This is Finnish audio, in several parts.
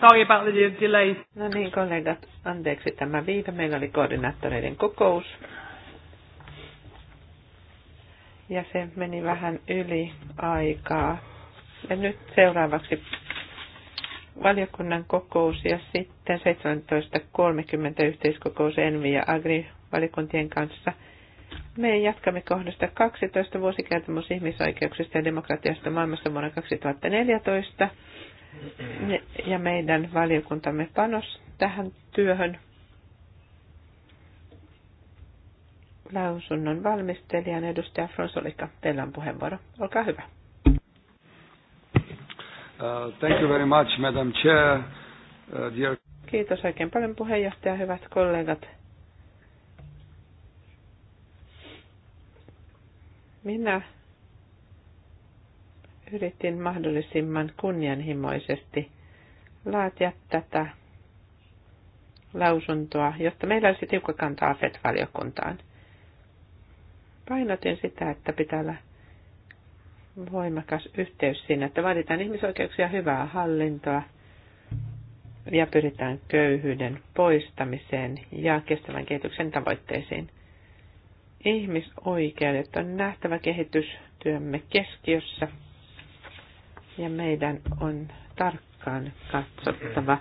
Sorry about the delay. No niin, kollegat, anteeksi tämä viive. Meillä oli koordinaattoreiden kokous. Ja se meni vähän yli aikaa. Ja nyt seuraavaksi valiokunnan kokous ja sitten 17.30 yhteiskokous Envi ja Agri-valikuntien kanssa. Me jatkamme kohdasta 12 vuosikertomus ihmisoikeuksista ja demokratiasta maailmassa vuonna 2014 ja meidän valiokuntamme panos tähän työhön. Lausunnon valmistelijan edustaja Fronsolika, teillä on puheenvuoro. Olkaa hyvä. Uh, thank you very much, Madam Chair. Uh, dear... Kiitos oikein paljon puheenjohtaja, hyvät kollegat. Minä yritin mahdollisimman kunnianhimoisesti laatia tätä lausuntoa, jotta meillä olisi tiukka kantaa FED-valiokuntaan. Painotin sitä, että pitää olla voimakas yhteys siinä, että vaaditaan ihmisoikeuksia hyvää hallintoa ja pyritään köyhyyden poistamiseen ja kestävän kehityksen tavoitteisiin. Ihmisoikeudet on nähtävä kehitystyömme keskiössä – ja meidän on tarkkaan katsottava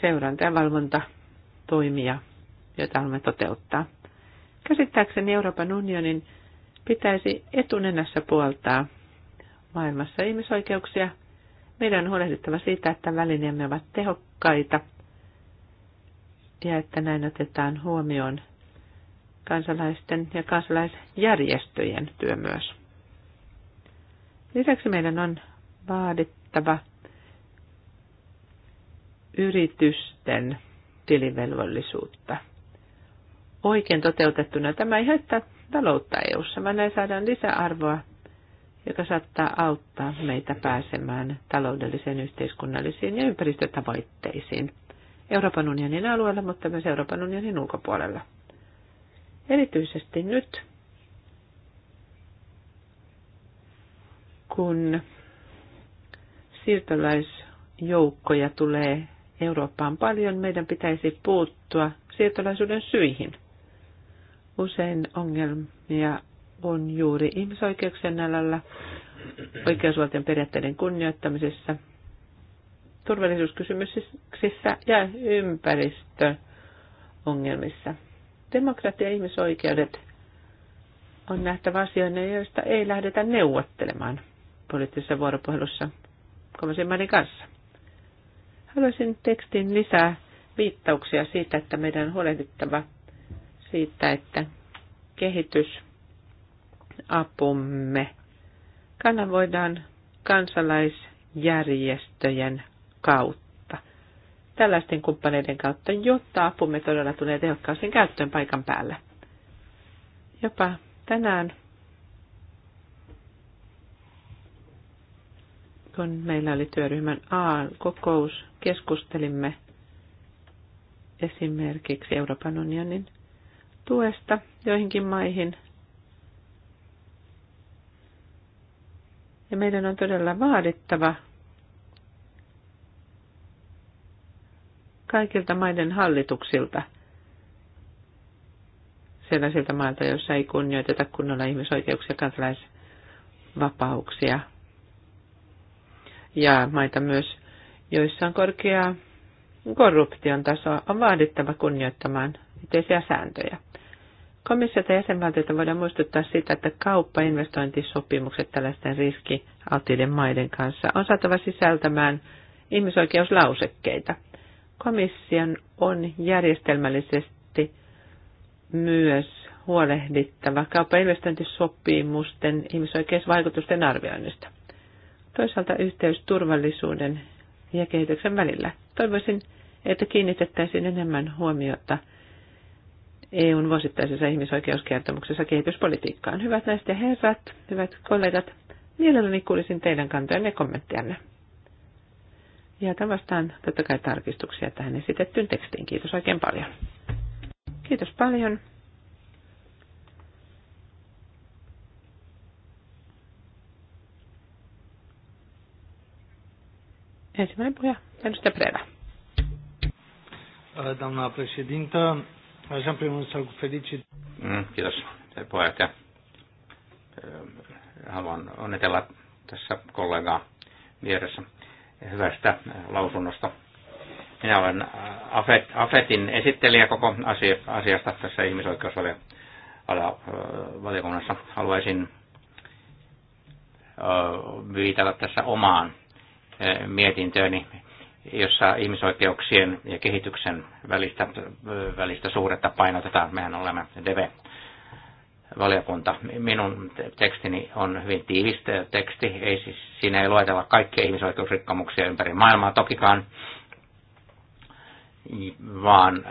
seuranta- ja valvontatoimia, joita haluamme toteuttaa. Käsittääkseni Euroopan unionin pitäisi etunenässä puoltaa maailmassa ihmisoikeuksia. Meidän on huolehdittava siitä, että välineemme ovat tehokkaita ja että näin otetaan huomioon kansalaisten ja kansalaisjärjestöjen työ myös. Lisäksi meidän on vaadittava yritysten tilivelvollisuutta. Oikein toteutettuna tämä ei haittaa taloutta EU-ssa, vaan näin saadaan lisäarvoa, joka saattaa auttaa meitä pääsemään taloudellisiin, yhteiskunnallisiin ja ympäristötavoitteisiin Euroopan unionin alueella, mutta myös Euroopan unionin ulkopuolella. Erityisesti nyt, kun siirtolaisjoukkoja tulee Eurooppaan paljon, meidän pitäisi puuttua siirtolaisuuden syihin. Usein ongelmia on juuri ihmisoikeuksien alalla, oikeusvaltion periaatteiden kunnioittamisessa, turvallisuuskysymyksissä ja ympäristöongelmissa. Demokratia ja ihmisoikeudet on nähtävä asioina, joista ei lähdetä neuvottelemaan poliittisessa vuoropuhelussa kolmansien maiden kanssa. Haluaisin tekstin lisää viittauksia siitä, että meidän on huolehdittava siitä, että kehitysapumme kanavoidaan kansalaisjärjestöjen kautta, tällaisten kumppaneiden kautta, jotta apumme todella tulee tehokkaasti käyttöön paikan päällä. Jopa tänään kun meillä oli työryhmän A-kokous, keskustelimme esimerkiksi Euroopan unionin tuesta joihinkin maihin. Ja meidän on todella vaadittava kaikilta maiden hallituksilta, sellaisilta mailta, joissa ei kunnioiteta kunnolla ihmisoikeuksia, kansalaisvapauksia – ja maita myös, joissa on korkea korruption taso, on vaadittava kunnioittamaan yhteisiä sääntöjä. Komissiota ja jäsenvaltioita voidaan muistuttaa siitä, että kauppa- ja investointisopimukset tällaisten riskialtiiden maiden kanssa on saatava sisältämään ihmisoikeuslausekkeita. Komission on järjestelmällisesti myös huolehdittava kauppa- ja investointisopimusten ihmisoikeusvaikutusten arvioinnista toisaalta yhteys turvallisuuden ja kehityksen välillä. Toivoisin, että kiinnitettäisiin enemmän huomiota EUn vuosittaisessa ihmisoikeuskertomuksessa kehityspolitiikkaan. Hyvät naiset ja herrat, hyvät kollegat, mielelläni kuulisin teidän kantojanne ja kommenttianne. Ja otan vastaan totta kai tarkistuksia tähän esitettyyn tekstiin. Kiitos oikein paljon. Kiitos paljon. Ensimmäinen puhuja, edustaja Preda. Doamna președintă, aș în primul rând să felicit. Mm, kiitos, puheenjohtaja. Haluan onnitella tässä kollegaa vieressä hyvästä lausunnosta. Minä olen Afet, Afetin esittelijä koko asiasta tässä ihmisoikeusvaliokunnassa. Haluaisin viitata tässä omaan mietintööni, jossa ihmisoikeuksien ja kehityksen välistä, välistä suuretta painotetaan. Mehän olemme DEVE valiokunta. Minun tekstini on hyvin tiivis teksti, ei siis, siinä ei luetella kaikkia ihmisoikeusrikkomuksia ympäri maailmaa tokikaan, vaan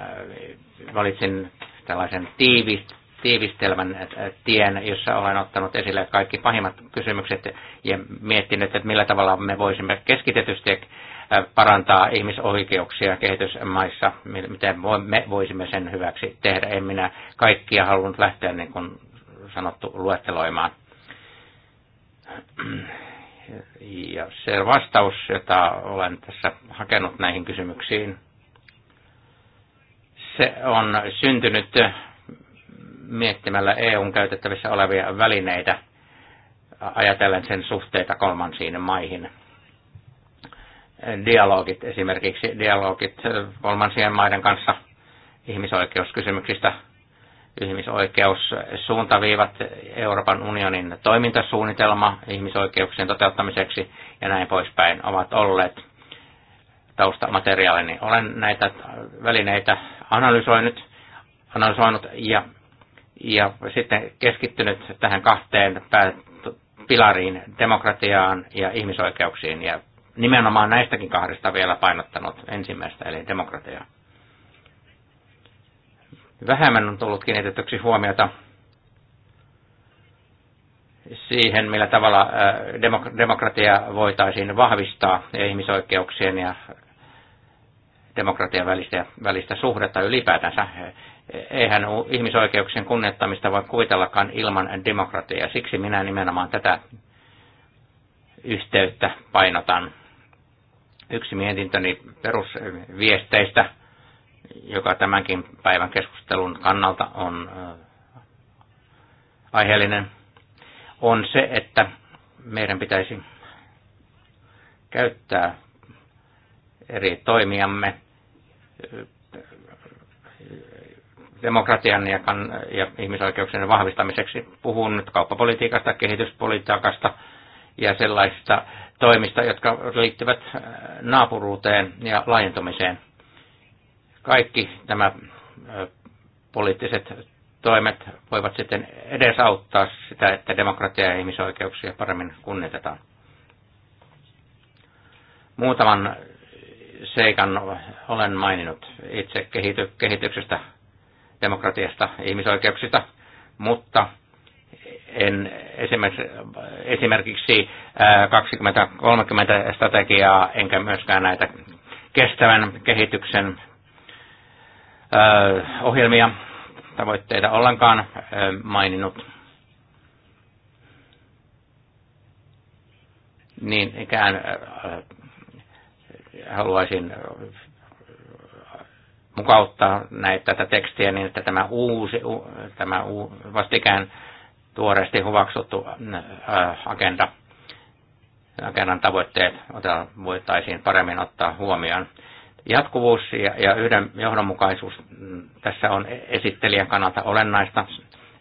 valitsin tällaisen tiivist, tiivistelmän äh, tien, jossa olen ottanut esille kaikki pahimmat kysymykset ja miettinyt, että millä tavalla me voisimme keskitetysti äh, parantaa ihmisoikeuksia kehitysmaissa, miten me voisimme sen hyväksi tehdä. En minä kaikkia halunnut lähteä niin kuin sanottu luetteloimaan. Ja se vastaus, jota olen tässä hakenut näihin kysymyksiin, se on syntynyt miettimällä EUn käytettävissä olevia välineitä ajatellen sen suhteita kolmansiin maihin. Dialogit esimerkiksi, dialogit kolmansien maiden kanssa ihmisoikeuskysymyksistä, ihmisoikeussuuntaviivat, Euroopan unionin toimintasuunnitelma ihmisoikeuksien toteuttamiseksi ja näin poispäin ovat olleet taustamateriaalini. Olen näitä välineitä analysoinut, analysoinut ja ja sitten keskittynyt tähän kahteen pilariin, demokratiaan ja ihmisoikeuksiin, ja nimenomaan näistäkin kahdesta vielä painottanut ensimmäistä, eli demokratiaa. Vähemmän on tullut kiinnitetyksi huomiota siihen, millä tavalla demokratia voitaisiin vahvistaa ja ihmisoikeuksien ja demokratian välistä, välistä suhdetta ylipäätänsä eihän ihmisoikeuksien kunnettamista voi kuvitellakaan ilman demokratiaa. Siksi minä nimenomaan tätä yhteyttä painotan. Yksi mietintöni perusviesteistä, joka tämänkin päivän keskustelun kannalta on aiheellinen, on se, että meidän pitäisi käyttää eri toimijamme demokratian ja, kan, ja ihmisoikeuksien vahvistamiseksi. Puhun nyt kauppapolitiikasta, kehityspolitiikasta ja sellaisista toimista, jotka liittyvät äh, naapuruuteen ja laajentumiseen. Kaikki nämä äh, poliittiset toimet voivat sitten edesauttaa sitä, että demokratia ja ihmisoikeuksia paremmin kunnitetaan. Muutaman seikan olen maininnut itse kehityksestä demokratiasta, ihmisoikeuksista, mutta en esimerkiksi, esimerkiksi 2030 strategiaa, enkä myöskään näitä kestävän kehityksen ohjelmia, tavoitteita ollenkaan maininnut. Niin ikään haluaisin mukauttaa näitä, tätä tekstiä niin, että tämä uusi, u, tämä u, vastikään tuoreesti hyväksytty agenda, agendan tavoitteet voitaisiin paremmin ottaa huomioon. Jatkuvuus ja, ja yhden johdonmukaisuus mm, tässä on esittelijän kannalta olennaista,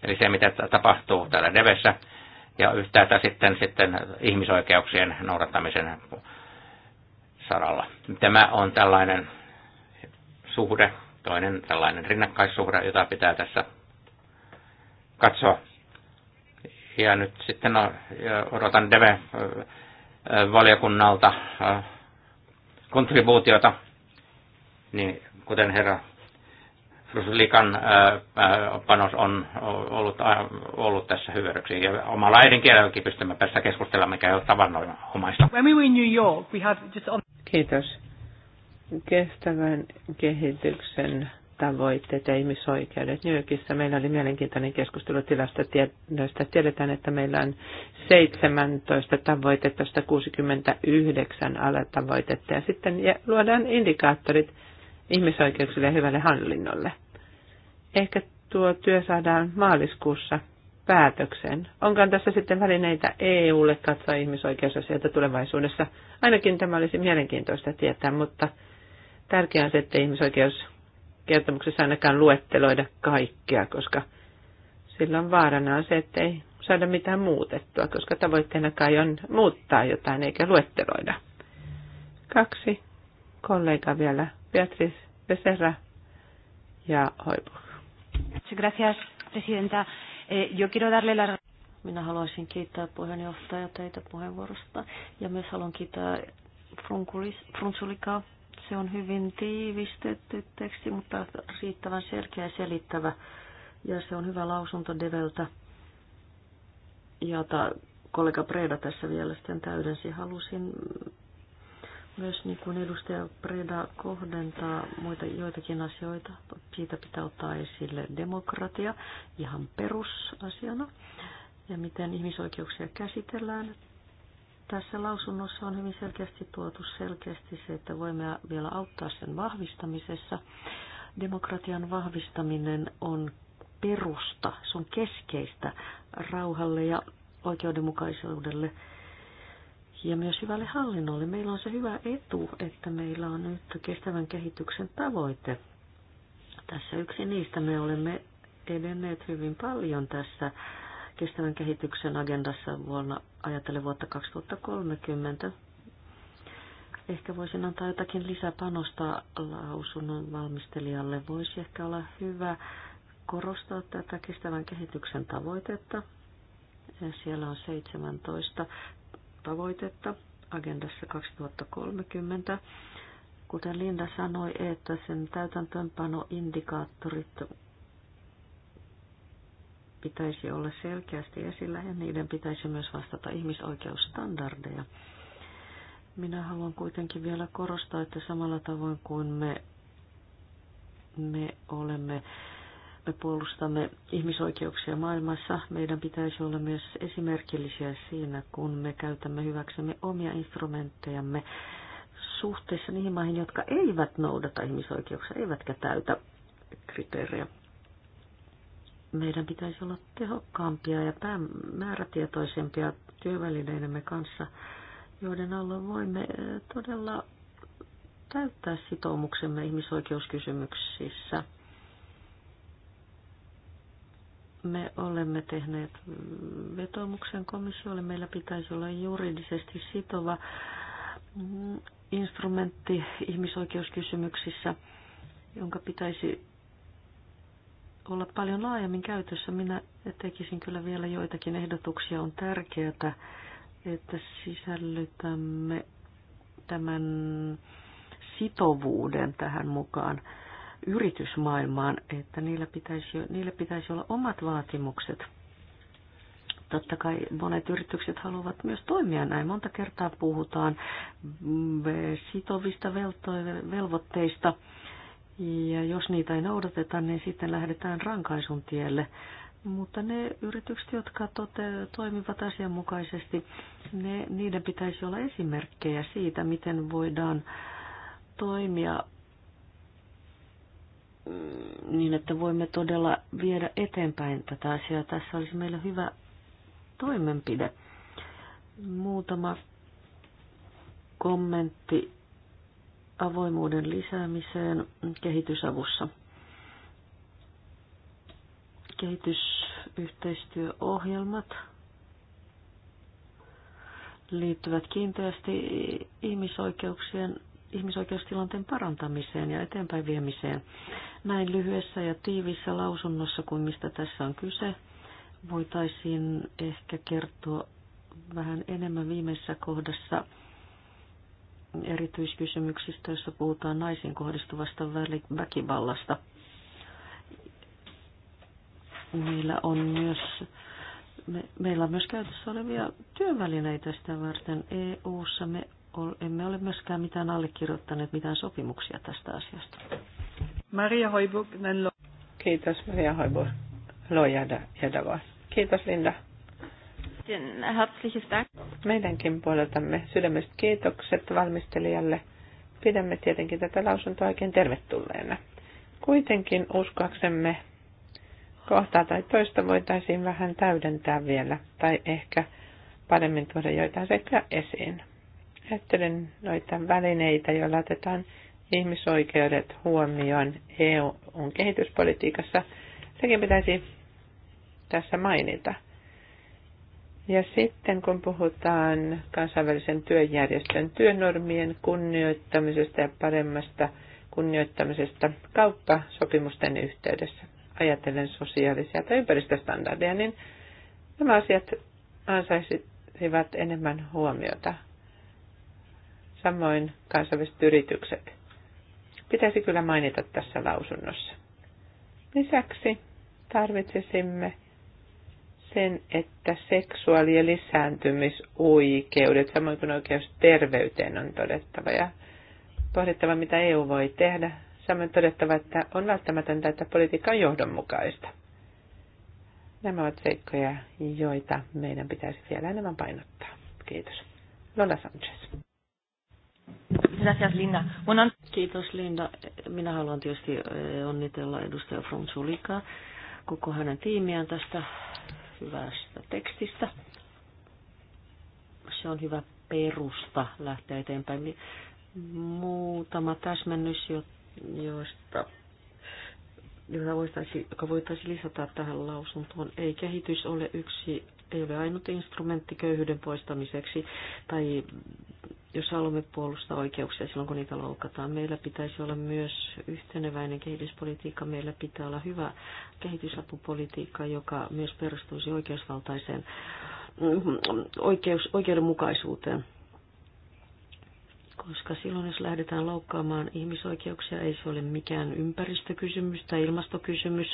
eli se mitä tapahtuu täällä Devessä, ja yhtäältä sitten, sitten ihmisoikeuksien noudattamisen saralla. Tämä on tällainen suhde, toinen tällainen rinnakkaissuhde, jota pitää tässä katsoa. Ja nyt sitten no, odotan DEVE-valiokunnalta kontribuutiota, niin kuten herra Fruslikan panos on ollut, ollut tässä hyödyksi. Ja omalla äidinkielelläkin pystymme tässä keskustelemaan, mikä ei ole tavannomaista. When we were in New York, we had just on... Kiitos kestävän kehityksen tavoitteet ja ihmisoikeudet. New Yorkissa meillä oli mielenkiintoinen keskustelu tilastotiedoista. Tiedetään, että meillä on 17 tavoitetta, 169 alatavoitetta ja sitten luodaan indikaattorit ihmisoikeuksille ja hyvälle hallinnolle. Ehkä tuo työ saadaan maaliskuussa päätöksen. Onkaan tässä sitten välineitä EUlle katsoa ihmisoikeusasioita tulevaisuudessa? Ainakin tämä olisi mielenkiintoista tietää, mutta Tärkeää se, että ihmisoikeuskertomuksessa ainakaan luetteloida kaikkea, koska silloin vaarana on se, että ei saada mitään muutettua, koska tavoitteena kai on muuttaa jotain eikä luetteloida. Kaksi kollega vielä, Beatriz Becerra ja Hoipu. Gracias, presidenta. Eh, yo quiero darle las minä haluaisin kiittää puheenjohtaja teitä puheenvuorosta ja myös haluan kiittää Frunzulikaa se on hyvin tiivistetty teksti, mutta riittävän selkeä ja selittävä. Ja se on hyvä lausunto Develtä, jota kollega Preda tässä vielä sitten täydensi. Halusin myös niin kuin edustaja Preda kohdentaa muita joitakin asioita. Siitä pitää ottaa esille demokratia ihan perusasiana ja miten ihmisoikeuksia käsitellään. Tässä lausunnossa on hyvin selkeästi tuotu selkeästi se, että voimme vielä auttaa sen vahvistamisessa. Demokratian vahvistaminen on perusta, se on keskeistä rauhalle ja oikeudenmukaisuudelle ja myös hyvälle hallinnolle. Meillä on se hyvä etu, että meillä on nyt kestävän kehityksen tavoite. Tässä yksi niistä me olemme edenneet hyvin paljon tässä kestävän kehityksen agendassa vuonna ajatellen vuotta 2030. Ehkä voisin antaa jotakin lisäpanosta lausunnon valmistelijalle. Voisi ehkä olla hyvä korostaa tätä kestävän kehityksen tavoitetta. Siellä on 17 tavoitetta agendassa 2030. Kuten Linda sanoi, että sen täytäntöönpanoindikaattorit pitäisi olla selkeästi esillä ja niiden pitäisi myös vastata ihmisoikeusstandardeja. Minä haluan kuitenkin vielä korostaa, että samalla tavoin kuin me, me olemme me puolustamme ihmisoikeuksia maailmassa, meidän pitäisi olla myös esimerkillisiä siinä, kun me käytämme hyväksemme omia instrumenttejamme suhteessa niihin maihin, jotka eivät noudata ihmisoikeuksia, eivätkä täytä kriteerejä meidän pitäisi olla tehokkaampia ja määrätietoisempia työvälineidemme kanssa, joiden alla voimme eh, todella täyttää sitoumuksemme ihmisoikeuskysymyksissä. Me olemme tehneet vetoomuksen komissiolle. Meillä pitäisi olla juridisesti sitova mm, instrumentti ihmisoikeuskysymyksissä, jonka pitäisi olla paljon laajemmin käytössä. Minä tekisin kyllä vielä joitakin ehdotuksia. On tärkeää, että sisällytämme tämän sitovuuden tähän mukaan yritysmaailmaan, että niillä pitäisi, niillä pitäisi olla omat vaatimukset. Totta kai monet yritykset haluavat myös toimia näin. Monta kertaa puhutaan sitovista velvoitteista ja jos niitä ei noudateta, niin sitten lähdetään rankaisun tielle. Mutta ne yritykset, jotka tote, toimivat asianmukaisesti, ne, niiden pitäisi olla esimerkkejä siitä, miten voidaan toimia mm, niin, että voimme todella viedä eteenpäin tätä asiaa. Tässä olisi meillä hyvä toimenpide. Muutama kommentti avoimuuden lisäämiseen kehitysavussa. Kehitysyhteistyöohjelmat liittyvät kiinteästi ihmisoikeuksien, ihmisoikeustilanteen parantamiseen ja eteenpäin viemiseen. Näin lyhyessä ja tiivissä lausunnossa kuin mistä tässä on kyse, voitaisiin ehkä kertoa vähän enemmän viimeisessä kohdassa – erityiskysymyksistä, joissa puhutaan naisiin kohdistuvasta väkivallasta. Meillä on myös me, meillä on myös käytössä olevia työvälineitä sitä varten. EU-ssa me ol, emme ole myöskään mitään allekirjoittaneet mitään sopimuksia tästä asiasta. Maria Hoibuk, Kiitos Maria Hoibuk, Kiitos Linda. Meidänkin puoleltamme sydämestä kiitokset valmistelijalle. Pidämme tietenkin tätä lausuntoa oikein tervetulleena. Kuitenkin uskoaksemme kohtaa tai toista voitaisiin vähän täydentää vielä, tai ehkä paremmin tuoda joitain sekä esiin. Ajattelen noita välineitä, joilla otetaan ihmisoikeudet huomioon eu kehityspolitiikassa. Sekin pitäisi tässä mainita – ja sitten kun puhutaan kansainvälisen työjärjestön työnormien kunnioittamisesta ja paremmasta kunnioittamisesta kautta sopimusten yhteydessä, ajatellen sosiaalisia tai ympäristöstandardeja, niin nämä asiat ansaisivat enemmän huomiota. Samoin kansainväliset yritykset. Pitäisi kyllä mainita tässä lausunnossa. Lisäksi tarvitsisimme sen, että seksuaali- ja lisääntymisoikeudet, samoin kuin oikeus terveyteen on todettava ja pohdittava, mitä EU voi tehdä. Samoin todettava, että on välttämätöntä, että politiikka on johdonmukaista. Nämä ovat seikkoja, joita meidän pitäisi vielä enemmän painottaa. Kiitos. Lola Sanchez. Gracias, Linda. Buenas... Kiitos, Linda. Minä haluan tietysti eh, onnitella edustaja Frunzulika koko hänen tiimiään tästä hyvästä tekstistä. Se on hyvä perusta lähteä eteenpäin. Niin muutama täsmennys, joista jota voitaisiin, joka voitaisiin lisätä tähän lausuntoon. Ei kehitys ole yksi, ei ole ainut instrumentti köyhyyden poistamiseksi tai jos haluamme puolustaa oikeuksia silloin, kun niitä loukataan. Meillä pitäisi olla myös yhteneväinen kehityspolitiikka. Meillä pitää olla hyvä kehitysapupolitiikka, joka myös perustuisi oikeusvaltaiseen mm, oikeus, oikeudenmukaisuuteen. Koska silloin, jos lähdetään loukkaamaan ihmisoikeuksia, ei se ole mikään ympäristökysymys tai ilmastokysymys.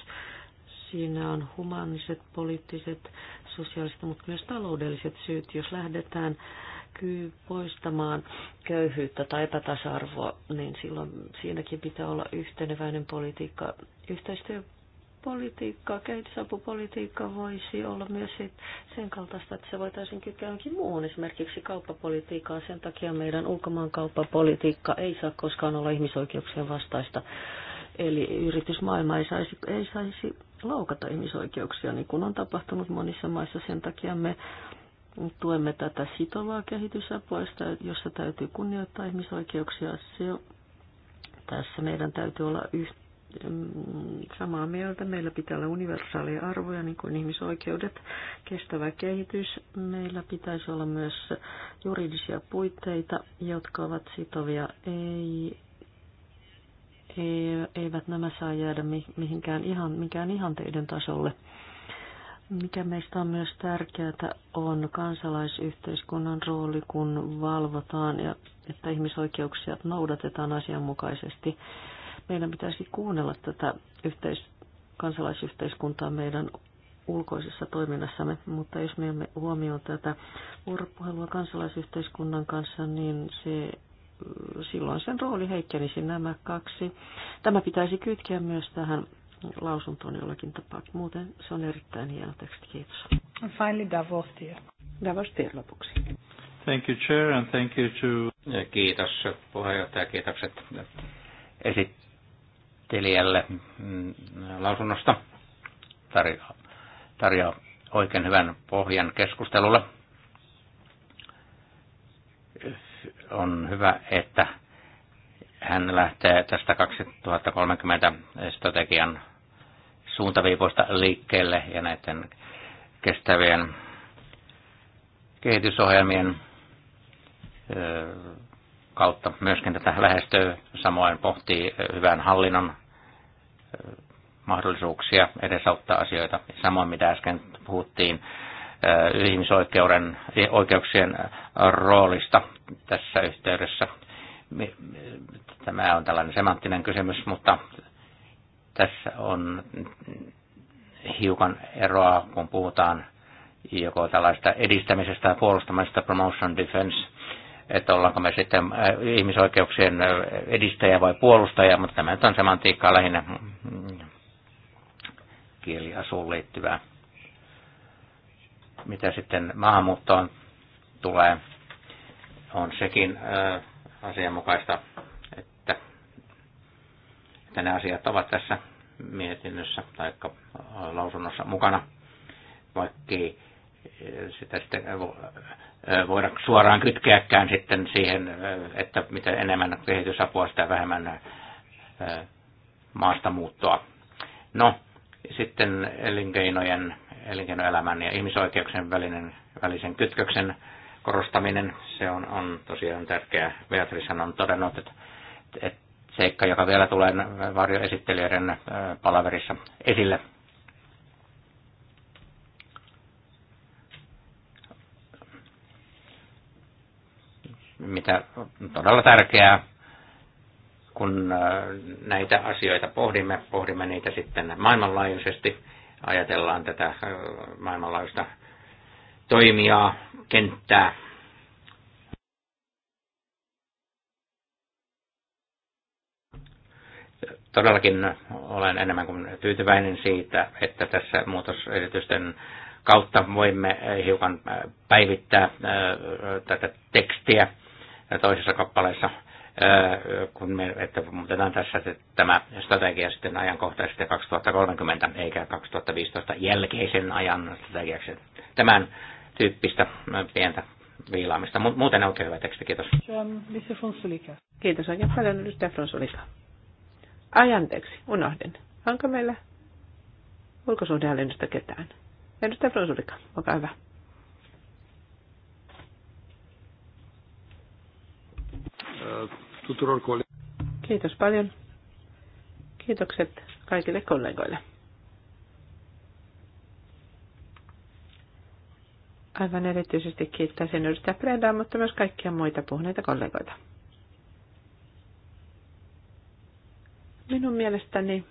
Siinä on humaniset, poliittiset, sosiaaliset, mutta myös taloudelliset syyt. Jos lähdetään äh, pyrkyy poistamaan köyhyyttä tai epätasa-arvoa, niin silloin siinäkin pitää olla yhteneväinen politiikka. Yhteistyöpolitiikka, kehitysapupolitiikka voisi olla myös sen kaltaista, että se voitaisiin kytkeä johonkin muuhun, esimerkiksi kauppapolitiikkaan. Sen takia meidän ulkomaankauppapolitiikka ei saa koskaan olla ihmisoikeuksien vastaista. Eli yritysmaailma ei saisi, ei saisi loukata ihmisoikeuksia, niin kuin on tapahtunut monissa maissa. Sen takia me Tuemme tätä sitovaa kehitysapua, jossa täytyy kunnioittaa ihmisoikeuksia. Se, tässä meidän täytyy olla yh, mm, samaa mieltä. Meillä pitää olla universaaleja arvoja, niin kuin ihmisoikeudet, kestävä kehitys. Meillä pitäisi olla myös juridisia puitteita, jotka ovat sitovia. Ei, eivät nämä saa jäädä mihinkään ihan, mikään ihanteiden tasolle. Mikä meistä on myös tärkeää, on kansalaisyhteiskunnan rooli, kun valvotaan ja että ihmisoikeuksia noudatetaan asianmukaisesti. Meidän pitäisi kuunnella tätä yhteis- kansalaisyhteiskuntaa meidän ulkoisessa toiminnassamme, mutta jos me emme huomioon tätä vuoropuhelua kansalaisyhteiskunnan kanssa, niin se, silloin sen rooli heikkenisi nämä kaksi. Tämä pitäisi kytkeä myös tähän lausuntoon jollakin tapaa. Muuten se on erittäin hieno teksti. Kiitos. Finally Davos Tier. Davos Tier lopuksi. Thank you, Chair, and thank you to... Kiitos puheenjohtaja, kiitokset esittelijälle mm, lausunnosta. Tarjoaa tarjo oikein hyvän pohjan keskustelulle. On hyvä, että hän lähtee tästä 2030 strategian suuntaviivoista liikkeelle ja näiden kestävien kehitysohjelmien kautta myöskin tätä lähestyy. Samoin pohtii hyvän hallinnon mahdollisuuksia edesauttaa asioita. Samoin mitä äsken puhuttiin ihmisoikeuden oikeuksien roolista tässä yhteydessä Tämä on tällainen semanttinen kysymys, mutta tässä on hiukan eroa, kun puhutaan joko tällaista edistämisestä ja puolustamisesta, promotion defense, että ollaanko me sitten äh, ihmisoikeuksien äh, edistäjä vai puolustaja, mutta tämä nyt on semantiikkaa lähinnä mm, kieliasuun liittyvää. Mitä sitten maahanmuuttoon tulee, on sekin äh, asianmukaista, että, että ne asiat ovat tässä mietinnössä tai lausunnossa mukana, vaikkei eh, sitä sitten eh, voida suoraan kytkeäkään sitten siihen, eh, että mitä enemmän kehitysapua, sitä vähemmän maastamuuttoa. No, sitten elinkeinojen, elinkeinoelämän ja ihmisoikeuksien välinen, välisen kytköksen korostaminen, se on, on tosiaan tärkeää. Beatrice on todennut, että, että seikka, joka vielä tulee varjoesittelijöiden äh, palaverissa esille. Mitä todella tärkeää, kun äh, näitä asioita pohdimme, pohdimme niitä sitten maailmanlaajuisesti, ajatellaan tätä äh, maailmanlaajuista toimijaa, kenttää. Todellakin olen enemmän kuin tyytyväinen siitä, että tässä muutosesitysten kautta voimme hiukan äh, päivittää äh, tätä tekstiä toisessa kappaleessa, äh, kun me, että muutetaan tässä että tämä strategia sitten ajankohtaisesti 2030 eikä 2015 jälkeisen ajan strategiaksi. Tämän tyyppistä äh, pientä viilaamista. Muuten oikein hyvä teksti, kiitos. Kiitos oikein paljon, edustaja Fronsulika. Ai anteeksi, unohdin. Onko meillä ulkosuhdehallinnosta ketään? Edustaja Fronsulika, olkaa hyvä. Kiitos paljon. Kiitokset kaikille kollegoille. aivan erityisesti kiittäisin edustaja Brendaa, mutta myös kaikkia muita puhuneita kollegoita. Minun mielestäni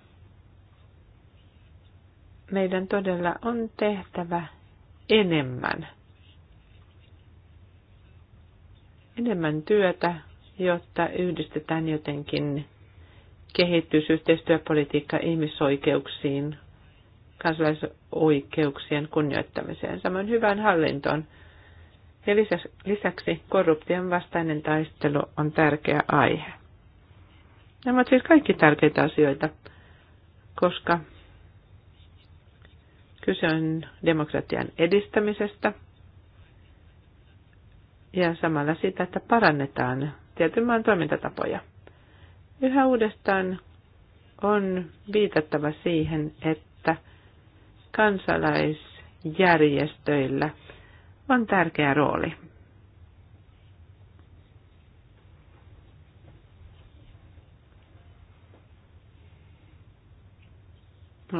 meidän todella on tehtävä enemmän. Enemmän työtä, jotta yhdistetään jotenkin kehitysyhteistyöpolitiikka ihmisoikeuksiin, kansalaisoikeuksien kunnioittamiseen, samoin hyvään hallintoon. Ja lisäksi korruption vastainen taistelu on tärkeä aihe. Nämä ovat siis kaikki tärkeitä asioita, koska kyse on demokratian edistämisestä ja samalla sitä, että parannetaan tietyn maan toimintatapoja. Yhä uudestaan on viitattava siihen, että kansalaisjärjestöillä on tärkeä rooli.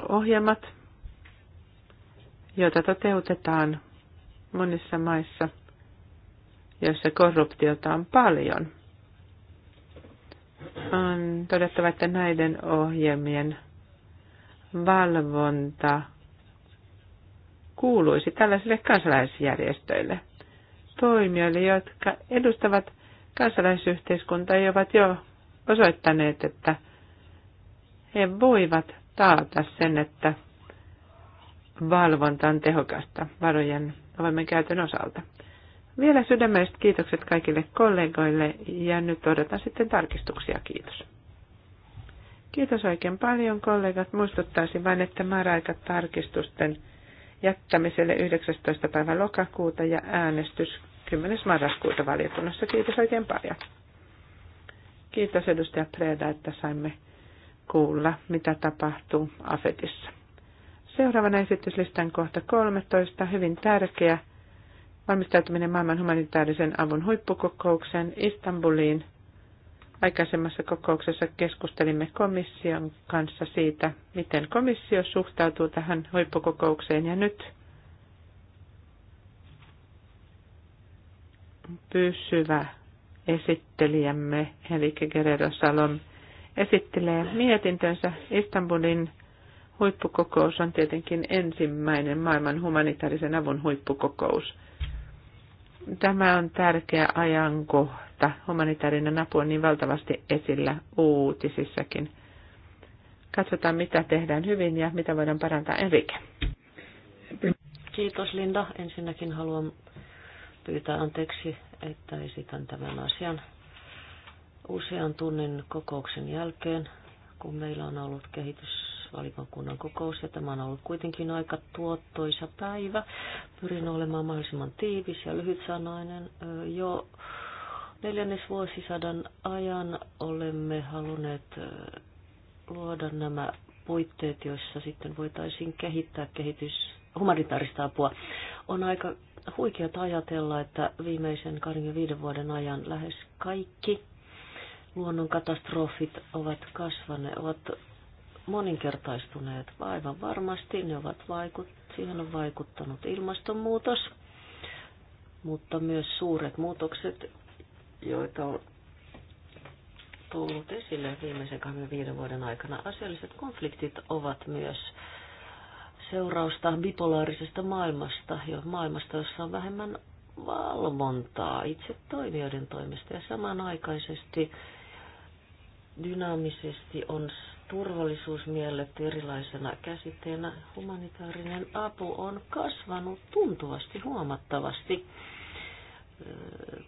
Ohjelmat, joita toteutetaan monissa maissa, joissa korruptiota on paljon. On todettava, että näiden ohjelmien valvonta kuuluisi tällaisille kansalaisjärjestöille, toimijoille, jotka edustavat kansalaisyhteiskuntaa ja ovat jo osoittaneet, että he voivat taata sen, että valvonta on tehokasta varojen avoimen käytön osalta. Vielä sydämelliset kiitokset kaikille kollegoille ja nyt odotan sitten tarkistuksia. Kiitos. Kiitos oikein paljon kollegat. Muistuttaisin vain, että määräaikatarkistusten tarkistusten jättämiselle 19. päivä lokakuuta ja äänestys 10. marraskuuta valiokunnassa. Kiitos oikein paljon. Kiitos edustaja Preda, että saimme kuulla, mitä tapahtuu Afetissa. Seuraavana esityslistan kohta 13, hyvin tärkeä, valmistautuminen maailman humanitaarisen avun huippukokoukseen Istanbuliin – aikaisemmassa kokouksessa keskustelimme komission kanssa siitä, miten komissio suhtautuu tähän huippukokoukseen ja nyt pysyvä esittelijämme eli Guerrero Salom esittelee mietintönsä. Istanbulin huippukokous on tietenkin ensimmäinen maailman humanitaarisen avun huippukokous. Tämä on tärkeä ajankohta että humanitaarinen apu on niin valtavasti esillä uutisissakin. Katsotaan, mitä tehdään hyvin ja mitä voidaan parantaa. Enrique. Kiitos Linda. Ensinnäkin haluan pyytää anteeksi, että esitän tämän asian usean tunnin kokouksen jälkeen, kun meillä on ollut kehitysvaliokunnan kokous, ja tämä on ollut kuitenkin aika tuottoisa päivä. Pyrin olemaan mahdollisimman tiivis ja lyhytsanainen jo Neljännesvuosisadan ajan olemme halunneet luoda nämä puitteet, joissa sitten voitaisiin kehittää kehitys, humanitaarista apua. On aika huikea ajatella, että viimeisen 25 vuoden ajan lähes kaikki luonnonkatastrofit ovat kasvaneet, ovat moninkertaistuneet. Aivan varmasti ne ovat vaikut, siihen on vaikuttanut ilmastonmuutos, mutta myös suuret muutokset joita on tullut esille viimeisen 25 vuoden aikana. Asialliset konfliktit ovat myös seurausta bipolaarisesta maailmasta, jo maailmasta, jossa on vähemmän valvontaa itse toimijoiden toimesta ja samanaikaisesti dynaamisesti on turvallisuus mielletty erilaisena käsitteenä. Humanitaarinen apu on kasvanut tuntuvasti, huomattavasti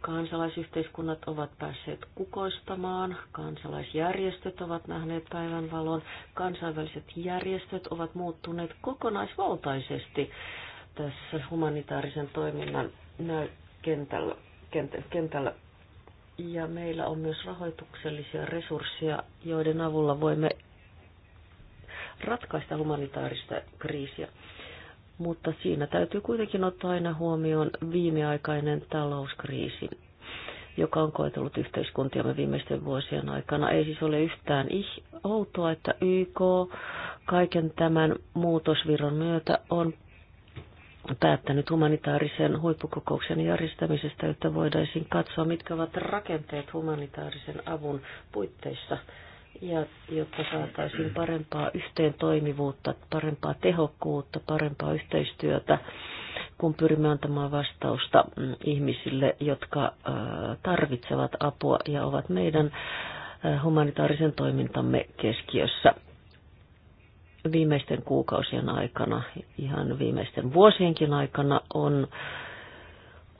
kansalaisyhteiskunnat ovat päässeet kukoistamaan, kansalaisjärjestöt ovat nähneet päivänvalon, kansainväliset järjestöt ovat muuttuneet kokonaisvaltaisesti tässä humanitaarisen toiminnan kentällä, kentällä. Ja meillä on myös rahoituksellisia resursseja, joiden avulla voimme ratkaista humanitaarista kriisiä mutta siinä täytyy kuitenkin ottaa aina huomioon viimeaikainen talouskriisi, joka on koetellut yhteiskuntiamme viimeisten vuosien aikana. Ei siis ole yhtään outoa, että YK kaiken tämän muutosviron myötä on päättänyt humanitaarisen huippukokouksen järjestämisestä, jotta voitaisiin katsoa, mitkä ovat rakenteet humanitaarisen avun puitteissa – ja jotta saataisiin parempaa yhteen toimivuutta, parempaa tehokkuutta, parempaa yhteistyötä, kun pyrimme antamaan vastausta mm, ihmisille, jotka äh, tarvitsevat apua ja ovat meidän äh, humanitaarisen toimintamme keskiössä viimeisten kuukausien aikana, ihan viimeisten vuosienkin aikana on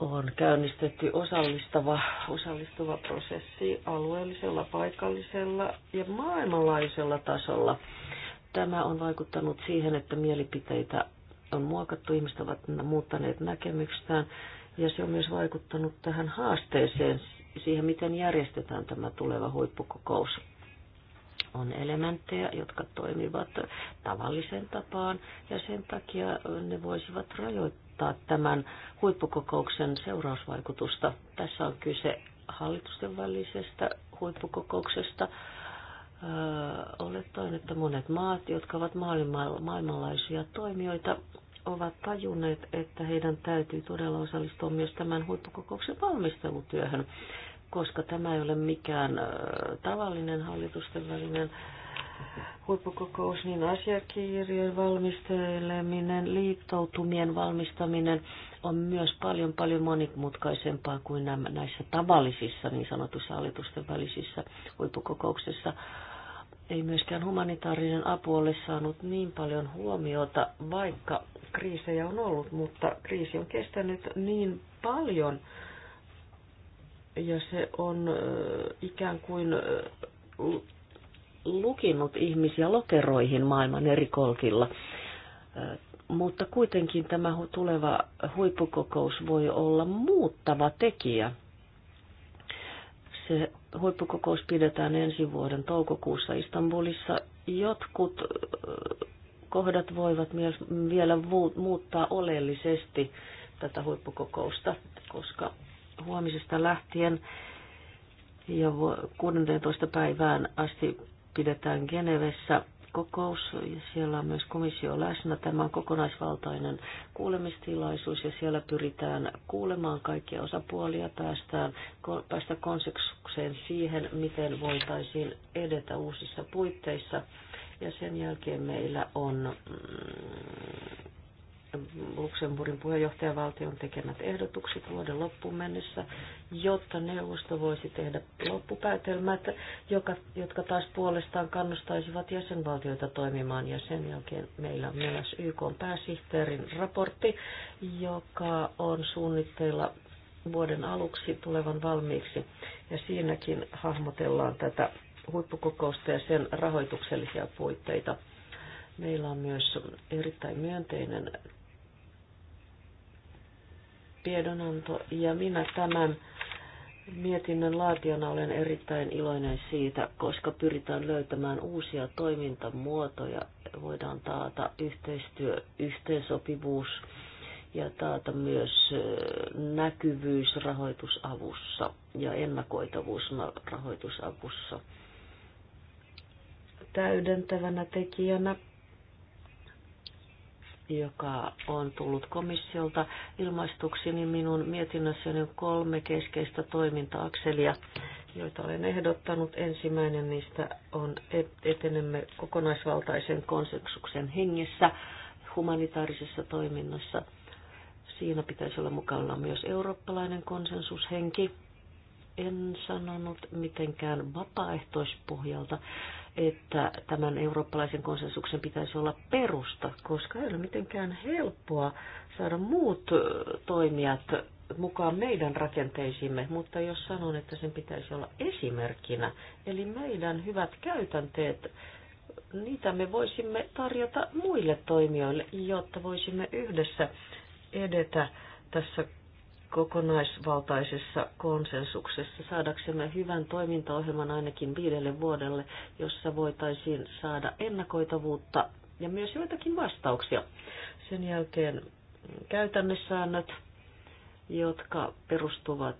on käynnistetty osallistava, osallistuva prosessi alueellisella, paikallisella ja maailmanlaisella tasolla. Tämä on vaikuttanut siihen, että mielipiteitä on muokattu, ihmiset ovat muuttaneet näkemyksestään ja se on myös vaikuttanut tähän haasteeseen, siihen miten järjestetään tämä tuleva huippukokous. On elementtejä, jotka toimivat tavallisen tapaan ja sen takia ne voisivat rajoittaa odottaa tämän huippukokouksen seurausvaikutusta. Tässä on kyse hallitusten välisestä huippukokouksesta. Öö, olettaen, että monet maat, jotka ovat maailmanlaisia toimijoita, ovat tajunneet, että heidän täytyy todella osallistua myös tämän huippukokouksen valmistelutyöhön, koska tämä ei ole mikään tavallinen hallitusten välinen öö, huippukokous, niin asiakirjojen valmisteleminen, liittoutumien valmistaminen on myös paljon paljon monimutkaisempaa kuin nämä, näissä tavallisissa niin sanotuissa hallitusten välisissä huippukokouksissa. Ei myöskään humanitaarinen apu ole saanut niin paljon huomiota, vaikka kriisejä on ollut, mutta kriisi on kestänyt niin paljon ja se on ikään kuin lukinut ihmisiä lokeroihin maailman eri kolkilla. Mutta kuitenkin tämä tuleva huippukokous voi olla muuttava tekijä. Se huippukokous pidetään ensi vuoden toukokuussa Istanbulissa. Jotkut kohdat voivat myös vielä muuttaa oleellisesti tätä huippukokousta, koska huomisesta lähtien ja 16. päivään asti pidetään Genevessä kokous ja siellä on myös komissio läsnä. Tämä on kokonaisvaltainen kuulemistilaisuus ja siellä pyritään kuulemaan kaikkia osapuolia, päästään, päästä konseksukseen siihen, miten voitaisiin edetä uusissa puitteissa. Ja sen jälkeen meillä on mm, Luxemburgin puheenjohtajavaltion tekemät ehdotukset vuoden loppuun mennessä, jotta neuvosto voisi tehdä loppupäätelmät, joka, jotka taas puolestaan kannustaisivat jäsenvaltioita toimimaan. Ja sen jälkeen meillä on myös YK pääsihteerin raportti, joka on suunnitteilla vuoden aluksi tulevan valmiiksi. Ja siinäkin hahmotellaan tätä huippukokousta ja sen rahoituksellisia puitteita. Meillä on myös erittäin myönteinen tiedonanto ja minä tämän mietinnön laatijana olen erittäin iloinen siitä, koska pyritään löytämään uusia toimintamuotoja, voidaan taata yhteistyö, yhteensopivuus ja taata myös näkyvyys rahoitusavussa ja ennakoitavuus rahoitusavussa. Täydentävänä tekijänä joka on tullut komissiolta ilmaistuksi, niin minun mietinnössäni on kolme keskeistä toiminta-akselia, joita olen ehdottanut. Ensimmäinen niistä on etenemme kokonaisvaltaisen konsensuksen hengessä humanitaarisessa toiminnassa. Siinä pitäisi olla mukana myös eurooppalainen konsensushenki. En sanonut mitenkään vapaaehtoispohjalta että tämän eurooppalaisen konsensuksen pitäisi olla perusta, koska ei ole mitenkään helppoa saada muut toimijat mukaan meidän rakenteisimme, mutta jos sanon, että sen pitäisi olla esimerkkinä, eli meidän hyvät käytänteet, niitä me voisimme tarjota muille toimijoille, jotta voisimme yhdessä edetä tässä kokonaisvaltaisessa konsensuksessa saadaksemme hyvän toimintaohjelman ainakin viidelle vuodelle, jossa voitaisiin saada ennakoitavuutta ja myös joitakin vastauksia. Sen jälkeen käytännössäännöt, jotka perustuvat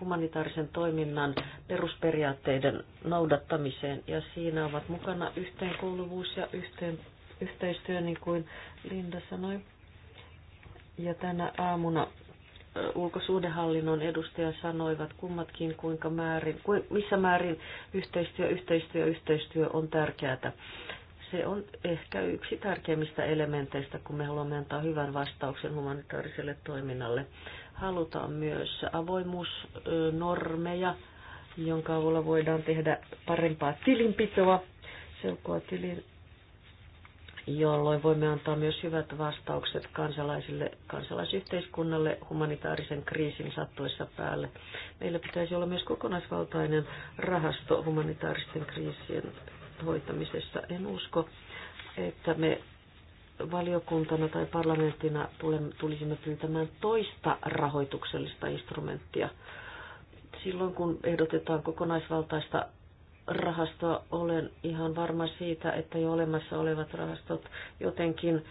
humanitaarisen toiminnan perusperiaatteiden noudattamiseen ja siinä ovat mukana yhteenkuuluvuus ja yhteen, yhteistyö, niin kuin Linda sanoi, ja tänä aamuna ulkosuhdehallinnon edustaja sanoivat kummatkin, kuinka määrin, missä määrin yhteistyö, yhteistyö, yhteistyö on tärkeää. Se on ehkä yksi tärkeimmistä elementeistä, kun me haluamme antaa hyvän vastauksen humanitaariselle toiminnalle. Halutaan myös avoimuusnormeja, jonka avulla voidaan tehdä parempaa tilinpitoa, selkoa tilin jolloin voimme antaa myös hyvät vastaukset kansalaisille, kansalaisyhteiskunnalle humanitaarisen kriisin sattuessa päälle. Meillä pitäisi olla myös kokonaisvaltainen rahasto humanitaaristen kriisien hoitamisessa. En usko, että me valiokuntana tai parlamenttina tulisimme pyytämään toista rahoituksellista instrumenttia. Silloin kun ehdotetaan kokonaisvaltaista rahastoa. Olen ihan varma siitä, että jo olemassa olevat rahastot jotenkin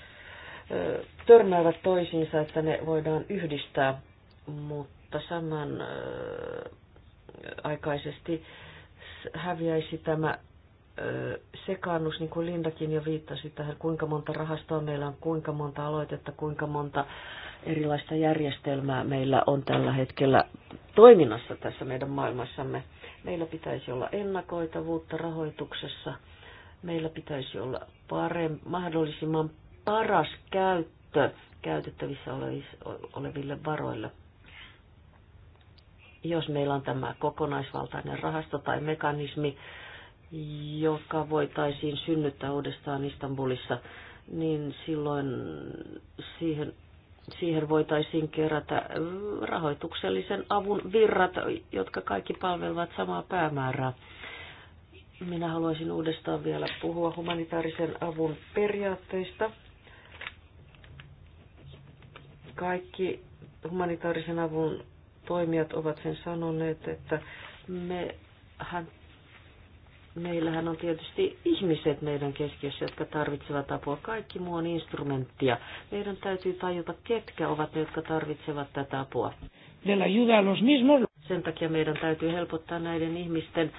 törmäävät toisiinsa, että ne voidaan yhdistää, mutta saman aikaisesti häviäisi tämä sekaannus, niin kuin Lindakin jo viittasi tähän, kuinka monta rahastoa meillä on, kuinka monta aloitetta, kuinka monta erilaista järjestelmää meillä on tällä hetkellä toiminnassa tässä meidän maailmassamme. Meillä pitäisi olla ennakoitavuutta rahoituksessa. Meillä pitäisi olla parem, mahdollisimman paras käyttö käytettävissä oleville varoille. Jos meillä on tämä kokonaisvaltainen rahasto tai mekanismi, joka voitaisiin synnyttää uudestaan Istanbulissa, niin silloin siihen siihen voitaisiin kerätä rahoituksellisen avun virrat, jotka kaikki palvelevat samaa päämäärää. Minä haluaisin uudestaan vielä puhua humanitaarisen avun periaatteista. Kaikki humanitaarisen avun toimijat ovat sen sanoneet, että me hän meillähän on tietysti ihmiset meidän keskiössä, jotka tarvitsevat apua. Kaikki muu on instrumenttia. Meidän täytyy tajuta, ketkä ovat ne, jotka tarvitsevat tätä apua. Sen takia meidän täytyy helpottaa näiden ihmisten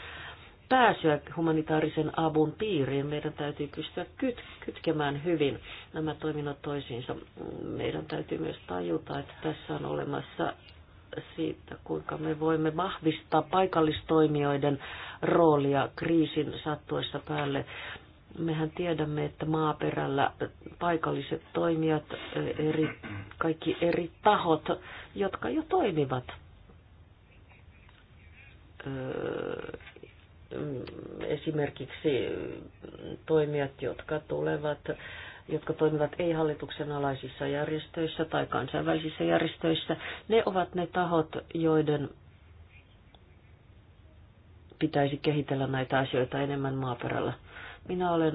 pääsyä humanitaarisen avun piiriin. Meidän täytyy pystyä kyt- kytkemään hyvin nämä toiminnot toisiinsa. Meidän täytyy myös tajuta, että tässä on olemassa siitä, kuinka me voimme vahvistaa paikallistoimijoiden roolia kriisin sattuessa päälle. Mehän tiedämme, että maaperällä paikalliset toimijat, eri, kaikki eri tahot, jotka jo toimivat, esimerkiksi toimijat, jotka tulevat jotka toimivat ei-hallituksen alaisissa järjestöissä tai kansainvälisissä järjestöissä, ne ovat ne tahot, joiden pitäisi kehitellä näitä asioita enemmän maaperällä. Minä olen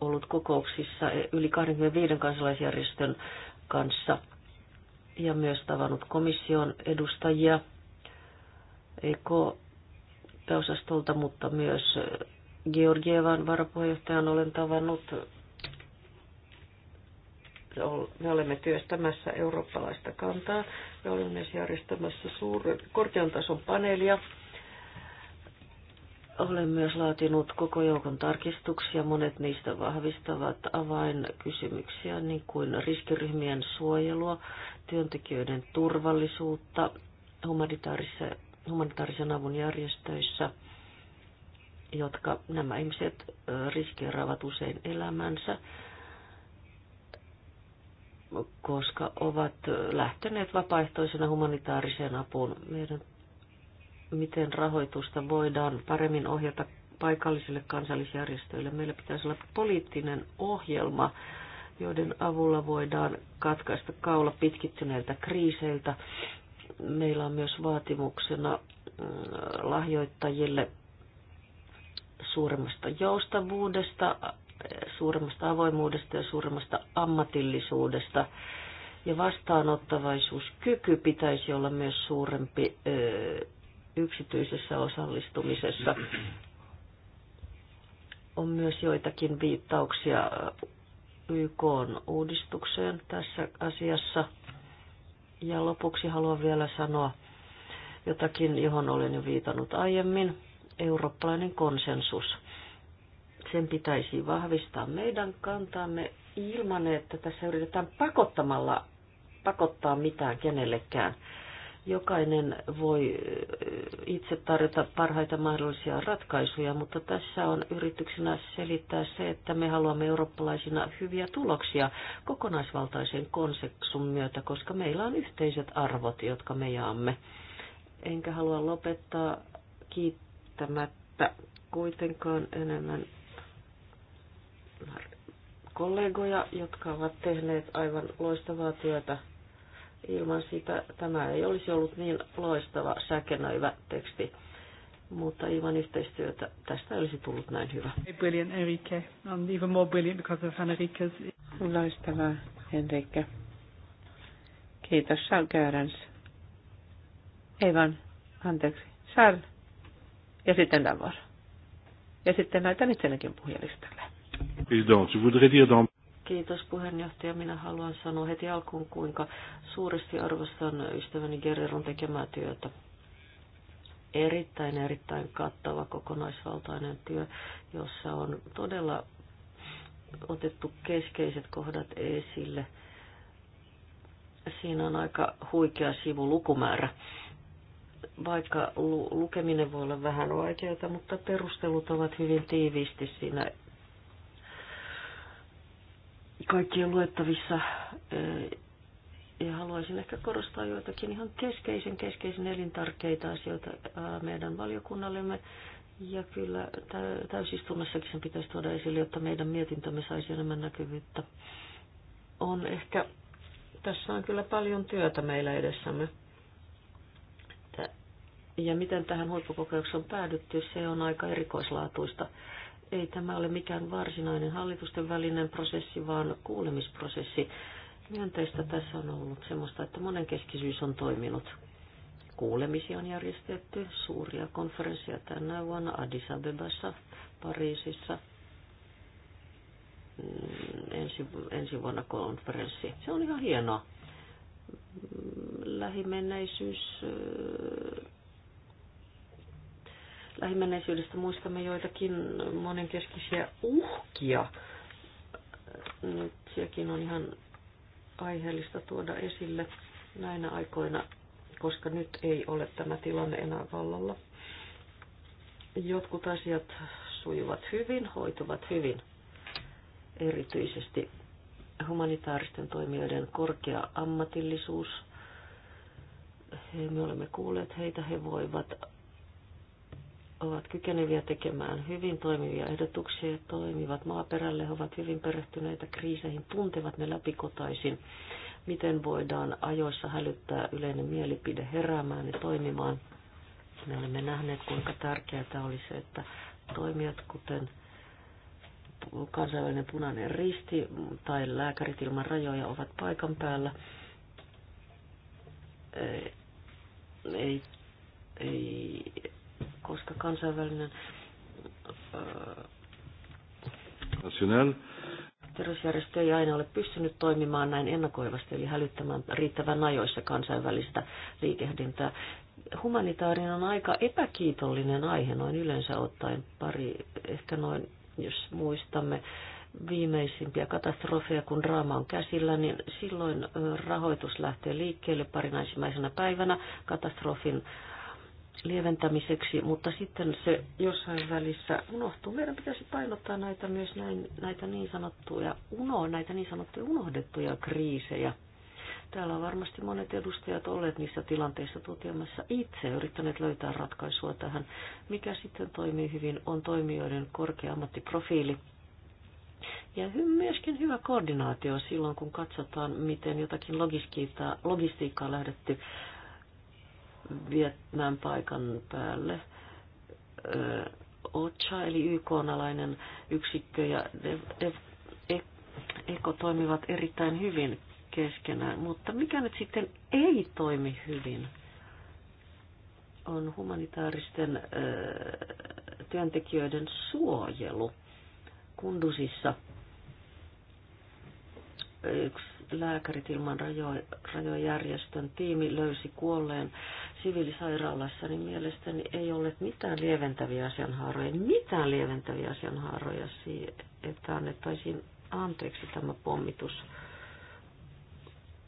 ollut kokouksissa yli 25 kansalaisjärjestön kanssa ja myös tavannut komission edustajia EK-osastolta, mutta myös Georgievan varapuheenjohtajan olen tavannut. Me olemme työstämässä eurooppalaista kantaa ja olemme myös järjestämässä suuren, korkean tason paneelia. Olen myös laatinut koko joukon tarkistuksia. Monet niistä vahvistavat avainkysymyksiä, niin kuin riskiryhmien suojelua, työntekijöiden turvallisuutta humanitaarisen, humanitaarisen avun järjestöissä – jotka nämä ihmiset riskeeraavat usein elämänsä, koska ovat lähteneet vapaaehtoisena humanitaariseen apuun. Meidän, miten rahoitusta voidaan paremmin ohjata paikallisille kansallisjärjestöille. Meillä pitäisi olla poliittinen ohjelma, joiden avulla voidaan katkaista kaula pitkittyneiltä kriiseiltä. Meillä on myös vaatimuksena mm, lahjoittajille suuremmasta joustavuudesta, suuremmasta avoimuudesta ja suuremmasta ammatillisuudesta. Ja vastaanottavaisuuskyky pitäisi olla myös suurempi yksityisessä osallistumisessa. On myös joitakin viittauksia YK uudistukseen tässä asiassa. Ja lopuksi haluan vielä sanoa jotakin, johon olen jo viitannut aiemmin eurooppalainen konsensus. Sen pitäisi vahvistaa meidän kantaamme ilman, että tässä yritetään pakottamalla pakottaa mitään kenellekään. Jokainen voi eh, itse tarjota parhaita mahdollisia ratkaisuja, mutta tässä on yrityksenä selittää se, että me haluamme eurooppalaisina hyviä tuloksia kokonaisvaltaisen konseksun myötä, koska meillä on yhteiset arvot, jotka me jaamme. Enkä halua lopettaa kiittää välttämättä kuitenkaan enemmän kollegoja, jotka ovat tehneet aivan loistavaa työtä. Ilman sitä tämä ei olisi ollut niin loistava säkenöivä teksti, mutta ilman yhteistyötä tästä olisi tullut näin hyvä. Brilliant Enrique, and even more brilliant because of Enrique's... Loistavaa, Enrique. Kiitos, Charles Görans. Ei vaan, anteeksi, Charles ja sitten Davor. Ja sitten näytän itsenäkin puhujalistalle. Kiitos puheenjohtaja. Minä haluan sanoa heti alkuun, kuinka suuresti arvostan ystäväni Gerreron tekemää työtä. Erittäin, erittäin kattava kokonaisvaltainen työ, jossa on todella otettu keskeiset kohdat esille. Siinä on aika huikea sivulukumäärä. lukumäärä vaikka lu- lukeminen voi olla vähän vaikeaa, mutta perustelut ovat hyvin tiiviisti siinä kaikkien luettavissa. Ja haluaisin ehkä korostaa joitakin ihan keskeisen, keskeisen elintärkeitä asioita meidän valiokunnallemme. Ja kyllä täysistunnossakin sen pitäisi tuoda esille, jotta meidän mietintömme saisi enemmän näkyvyyttä. On ehkä, tässä on kyllä paljon työtä meillä edessämme. Ja miten tähän huippukokoukseen on päädytty, se on aika erikoislaatuista. Ei tämä ole mikään varsinainen hallitusten välinen prosessi, vaan kuulemisprosessi. Myönteistä tässä on ollut semmoista, että monenkeskisyys on toiminut. Kuulemisia on järjestetty, suuria konferensseja tänä vuonna Addis Abebassa, Pariisissa, mm, ensi, ensi vuonna konferenssi. Se on ihan hienoa. Mm, lähimenneisyys lähimenneisyydestä muistamme joitakin monenkeskisiä uhkia. Nyt sekin on ihan aiheellista tuoda esille näinä aikoina, koska nyt ei ole tämä tilanne enää vallalla. Jotkut asiat sujuvat hyvin, hoituvat hyvin, erityisesti humanitaaristen toimijoiden korkea ammatillisuus. He, me olemme kuulleet heitä, he voivat ovat kykeneviä tekemään hyvin toimivia ehdotuksia, toimivat maaperälle, he ovat hyvin perehtyneitä kriiseihin, tuntevat ne läpikotaisin, miten voidaan ajoissa hälyttää yleinen mielipide heräämään ja toimimaan. Me olemme nähneet, kuinka tärkeää oli se, että toimijat, kuten kansainvälinen punainen risti tai lääkärit ilman rajoja ovat paikan päällä. Ei, ei, koska kansainvälinen National. Terveysjärjestö ei aina ole pystynyt toimimaan näin ennakoivasti, eli hälyttämään riittävän ajoissa kansainvälistä liikehdintää. Humanitaarinen on aika epäkiitollinen aihe noin yleensä ottaen pari, ehkä noin, jos muistamme viimeisimpiä katastrofeja, kun draama on käsillä, niin silloin rahoitus lähtee liikkeelle parin päivänä katastrofin äh, lieventämiseksi, mutta sitten se jossain välissä unohtuu. Meidän pitäisi painottaa näitä myös näin, näitä niin sanottuja uno, näitä niin sanottuja unohdettuja kriisejä. Täällä on varmasti monet edustajat olleet niissä tilanteissa tutkimassa itse yrittäneet löytää ratkaisua tähän, mikä sitten toimii hyvin, on toimijoiden korkea ammattiprofiili. Ja myöskin hyvä koordinaatio silloin, kun katsotaan, miten jotakin logistiikkaa, logistiikkaa lähdetty Vietnam paikan päälle. OCHA eli YK-alainen yksikkö ja ECO e, toimivat erittäin hyvin keskenään, mutta mikä nyt sitten ei toimi hyvin on humanitaaristen työntekijöiden suojelu Kundusissa. Yksi lääkärit ilman rajoja tiimi löysi kuolleen siviilisairaalassa, niin mielestäni ei ole mitään lieventäviä asianhaaroja, mitään lieventäviä asianhaaroja, että annettaisiin anteeksi tämä pommitus.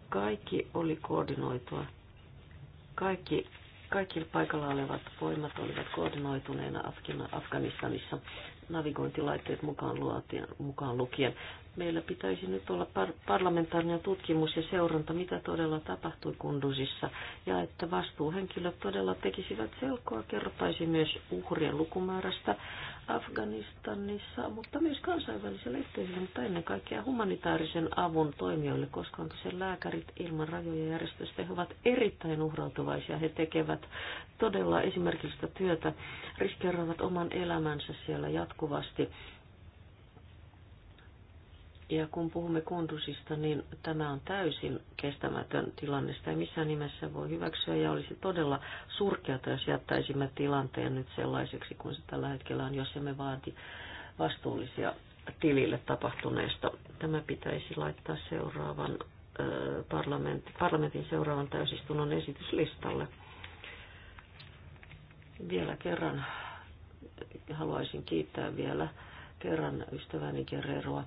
Kaikki oli koordinoitua. Kaikki kaikki paikalla olevat voimat olivat koordinoituneena Afganistanissa navigointilaitteet mukaan, luotien, mukaan lukien. Meillä pitäisi nyt olla par- parlamentaarinen tutkimus ja seuranta, mitä todella tapahtui Kundusissa, ja että vastuuhenkilöt todella tekisivät selkoa, kerrottaisiin myös uhrien lukumäärästä, Afganistanissa, mutta myös kansainvälisellä yhteisöllä, mutta ennen kaikkea humanitaarisen avun toimijoille, koska on kyse lääkärit ilman rajoja järjestöstä. He ovat erittäin uhrautuvaisia. He tekevät todella esimerkillistä työtä, riskeeraavat oman elämänsä siellä jatkuvasti ja kun puhumme kundusista, niin tämä on täysin kestämätön tilanne. Sitä ei missään nimessä voi hyväksyä ja olisi todella surkeata, jos jättäisimme tilanteen nyt sellaiseksi kuin se tällä hetkellä on, jos emme vaati vastuullisia tilille tapahtuneesta. Tämä pitäisi laittaa seuraavan parlamentin, parlamentin seuraavan täysistunnon esityslistalle. Vielä kerran haluaisin kiittää vielä kerran ystäväni Kerreroa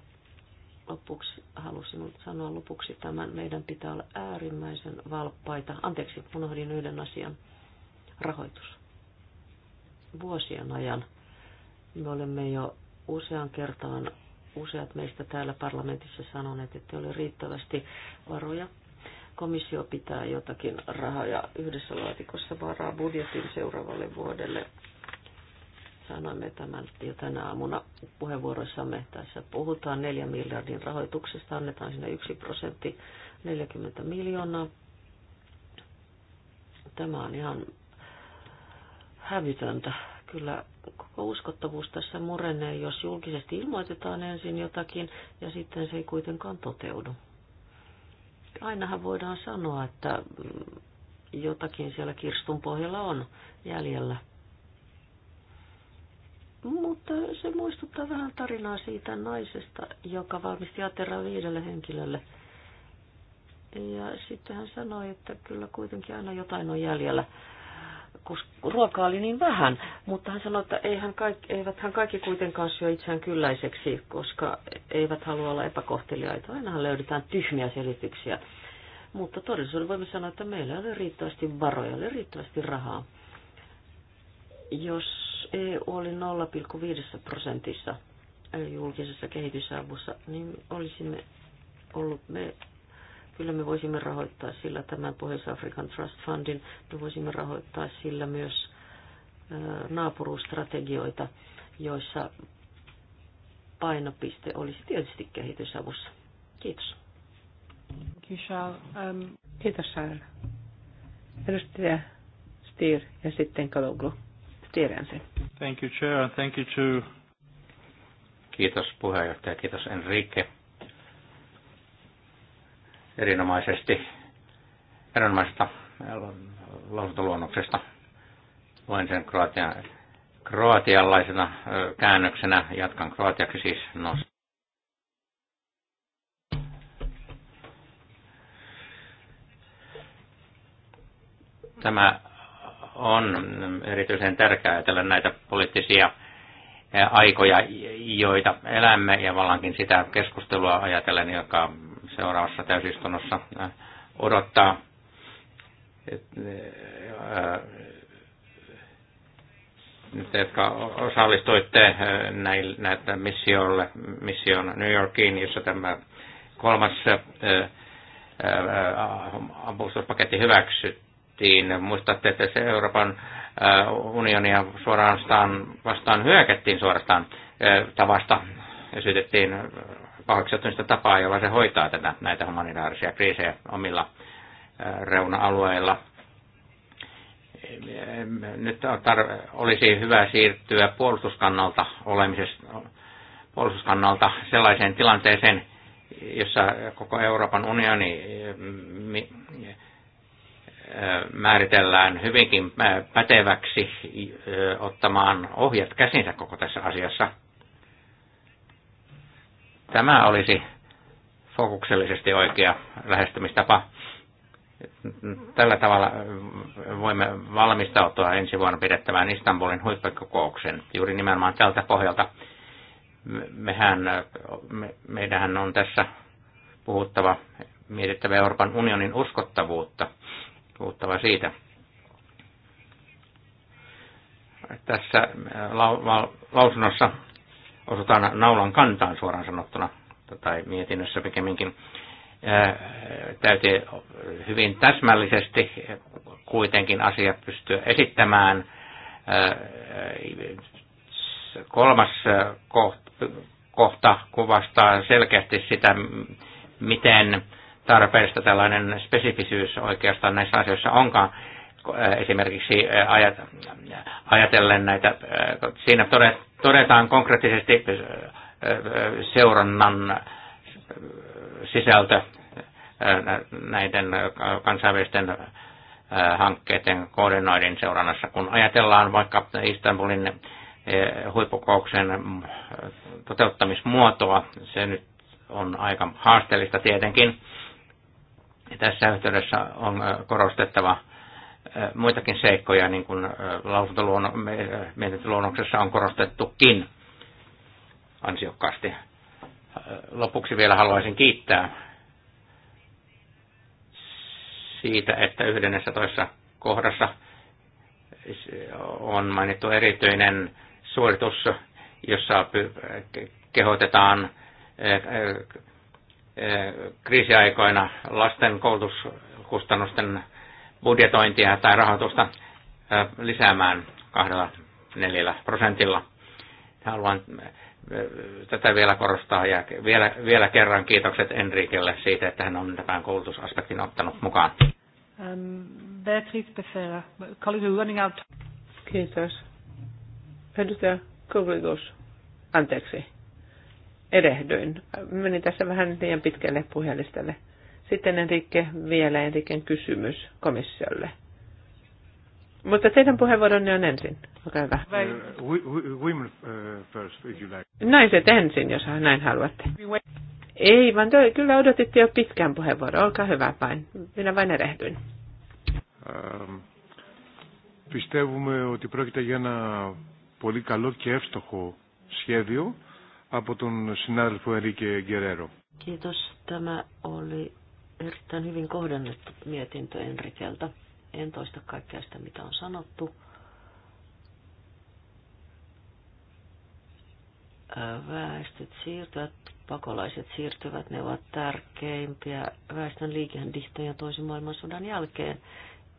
lopuksi halusin sanoa lopuksi tämän, meidän pitää olla äärimmäisen valppaita. Anteeksi, unohdin yhden asian. Rahoitus. Vuosien ajan me olemme jo usean kertaan, useat meistä täällä parlamentissa sanoneet, että ei ole riittävästi varoja. Komissio pitää jotakin rahaa ja yhdessä laatikossa varaa budjetin seuraavalle vuodelle sanoimme tämän jo tänä aamuna puheenvuoroissamme. Tässä puhutaan 4 miljardin rahoituksesta, annetaan sinne 1 prosentti 40 miljoonaa. Tämä on ihan hävytöntä. Kyllä koko uskottavuus tässä murenee, jos julkisesti ilmoitetaan ensin jotakin ja sitten se ei kuitenkaan toteudu. Ainahan voidaan sanoa, että jotakin siellä kirstun pohjalla on jäljellä mutta se muistuttaa vähän tarinaa siitä naisesta, joka valmisti ateraa viidelle henkilölle. Ja sitten hän sanoi, että kyllä kuitenkin aina jotain on jäljellä, koska ruokaa oli niin vähän. Mutta hän sanoi, että eihän kaikki, eivät hän kaikki kuitenkaan syö itseään kylläiseksi, koska eivät halua olla epäkohteliaita. Ainahan löydetään tyhmiä selityksiä. Mutta todellisuudessa voimme sanoa, että meillä oli riittävästi varoja, oli riittävästi rahaa. Jos EU oli 0,5 prosentissa julkisessa kehitysavussa, niin olisimme ollut me kyllä me voisimme rahoittaa sillä tämän Pohjois-Afrikan Trust Fundin, me voisimme rahoittaa sillä myös naapuruusstrategioita, joissa painopiste olisi tietysti kehitysavussa. Kiitos. Um, Kiitos Saara. Edustaja Stier ja sitten Kaloglu. Tiedän sen. Thank you, Chair. Thank you to... Kiitos puheenjohtaja, kiitos Enrique. Erinomaisesti, erinomaisesta äh, lausuntoluonnoksesta. Luen sen kroatia, kroatialaisena äh, käännöksenä. Jatkan kroatiaksi siis. No, tämä on erityisen tärkeää ajatella näitä poliittisia aikoja, joita elämme, ja vallankin sitä keskustelua ajatellen, joka seuraavassa täysistunnossa odottaa. Nyt, jotka osallistuitte näitä missiolle, mission New Yorkiin, jossa tämä kolmas avustuspaketti hyväksyttiin, hyökättiin. Muistatte, että se Euroopan unionia suorastaan vastaan hyökättiin suorastaan tavasta ja syytettiin paheksutuista tapaa, jolla se hoitaa tätä, näitä humanitaarisia kriisejä omilla reuna-alueilla. Nyt olisi hyvä siirtyä puolustuskannalta olemisesta, puolustuskannalta sellaiseen tilanteeseen, jossa koko Euroopan unioni määritellään hyvinkin päteväksi ottamaan ohjat käsinsä koko tässä asiassa. Tämä olisi fokuksellisesti oikea lähestymistapa. Tällä tavalla voimme valmistautua ensi vuonna pidettävään Istanbulin huippukokouksen juuri nimenomaan tältä pohjalta. Mehän, me, meidän on tässä puhuttava, mietittävä Euroopan unionin uskottavuutta – puhuttava siitä. Tässä äh, lausunnossa osutaan naulan kantaan suoraan sanottuna, tai mietinnössä pikemminkin. Äh, täytyy hyvin täsmällisesti kuitenkin asia pystyä esittämään. Äh, kolmas kohta kuvastaa selkeästi sitä, miten tarpeellista tällainen spesifisyys oikeastaan näissä asioissa onkaan. Esimerkiksi ajatellen näitä, siinä todetaan konkreettisesti seurannan sisältö näiden kansainvälisten hankkeiden koordinoidin seurannassa. Kun ajatellaan vaikka Istanbulin huippukouksen toteuttamismuotoa, se nyt on aika haasteellista tietenkin. Tässä yhteydessä on äh, korostettava äh, muitakin seikkoja, niin kuin äh, lausuntoluonnoksessa on korostettukin ansiokkaasti. Lopuksi vielä haluaisin kiittää siitä, että 11 kohdassa on mainittu erityinen suoritus, jossa kehotetaan Eh, kriisiaikoina lasten koulutuskustannusten budjetointia tai rahoitusta eh, lisäämään kahdella neljällä prosentilla. Haluan eh, tätä vielä korostaa ja vielä, vielä kerran kiitokset Enriikelle siitä, että hän on tämän koulutusaspektin ottanut mukaan. Um, Beatrice Becerra, colleague running out. Kiitos. Edustaja Kovligos, anteeksi erehdyin. Menin tässä vähän liian pitkälle puhelistelle. Sitten Enrique, vielä Enriken kysymys komissiolle. Mutta teidän puheenvuoronne on ensin. Olkaa hyvä. Uh, women uh, first, if you like. Naiset ensin, jos näin haluatte. Ei, vaan te kyllä odotitte jo pitkään puheenvuoroa. Olkaa hyvä vain. Minä vain erehdyin. Um, πιστεύουμε että πρόκειται για ένα πολύ καλό και από τον συνάδελφο Ερίκε Γκερέρο. Kiitos. Tämä oli erittäin hyvin kohdennettu mietintö Enrikeltä. En toista kaikkea sitä, mitä on sanottu. Väestöt siirtyvät, pakolaiset siirtyvät, ne ovat tärkeimpiä väestön liikehdintoja toisen maailmansodan jälkeen.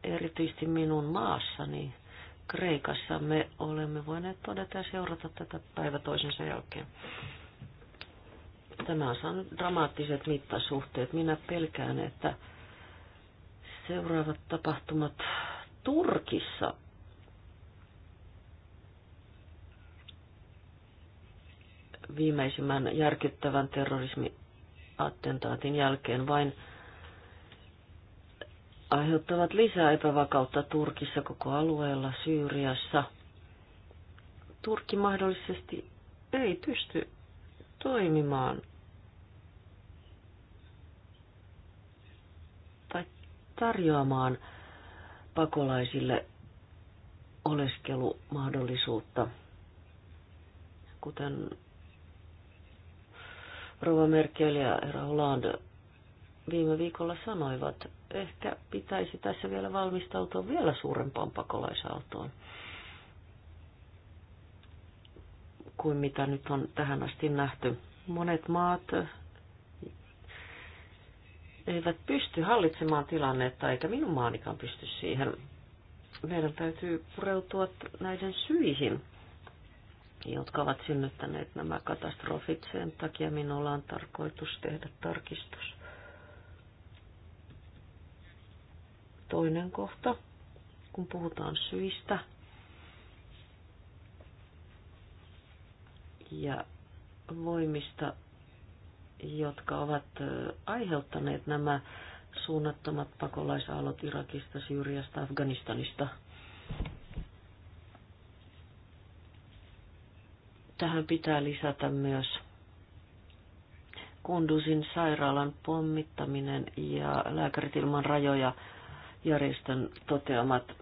Erityisesti minun maassani Kreikassa me olemme voineet todeta ja seurata tätä päivä toisensa jälkeen. Tämä on saanut dramaattiset mittasuhteet. Minä pelkään, että seuraavat tapahtumat Turkissa viimeisimmän järkyttävän terrorismiattentaatin jälkeen vain aiheuttavat lisää epävakautta Turkissa koko alueella, Syyriassa. Turkki mahdollisesti ei pysty toimimaan tai tarjoamaan pakolaisille oleskelumahdollisuutta. Kuten Rova Merkel ja Erra Hollande viime viikolla sanoivat. Ehkä pitäisi tässä vielä valmistautua vielä suurempaan pakolaisaaltoon kuin mitä nyt on tähän asti nähty. Monet maat eivät pysty hallitsemaan tilannetta, eikä minun maanikaan pysty siihen. Meidän täytyy pureutua näiden syihin, jotka ovat synnyttäneet nämä katastrofit. Sen takia minulla on tarkoitus tehdä tarkistus Toinen kohta, kun puhutaan syistä ja voimista, jotka ovat aiheuttaneet nämä suunnattomat pakolaisaalot Irakista, Syyriasta, Afganistanista. Tähän pitää lisätä myös Kundusin sairaalan pommittaminen ja lääkärit ilman rajoja järjestön toteamat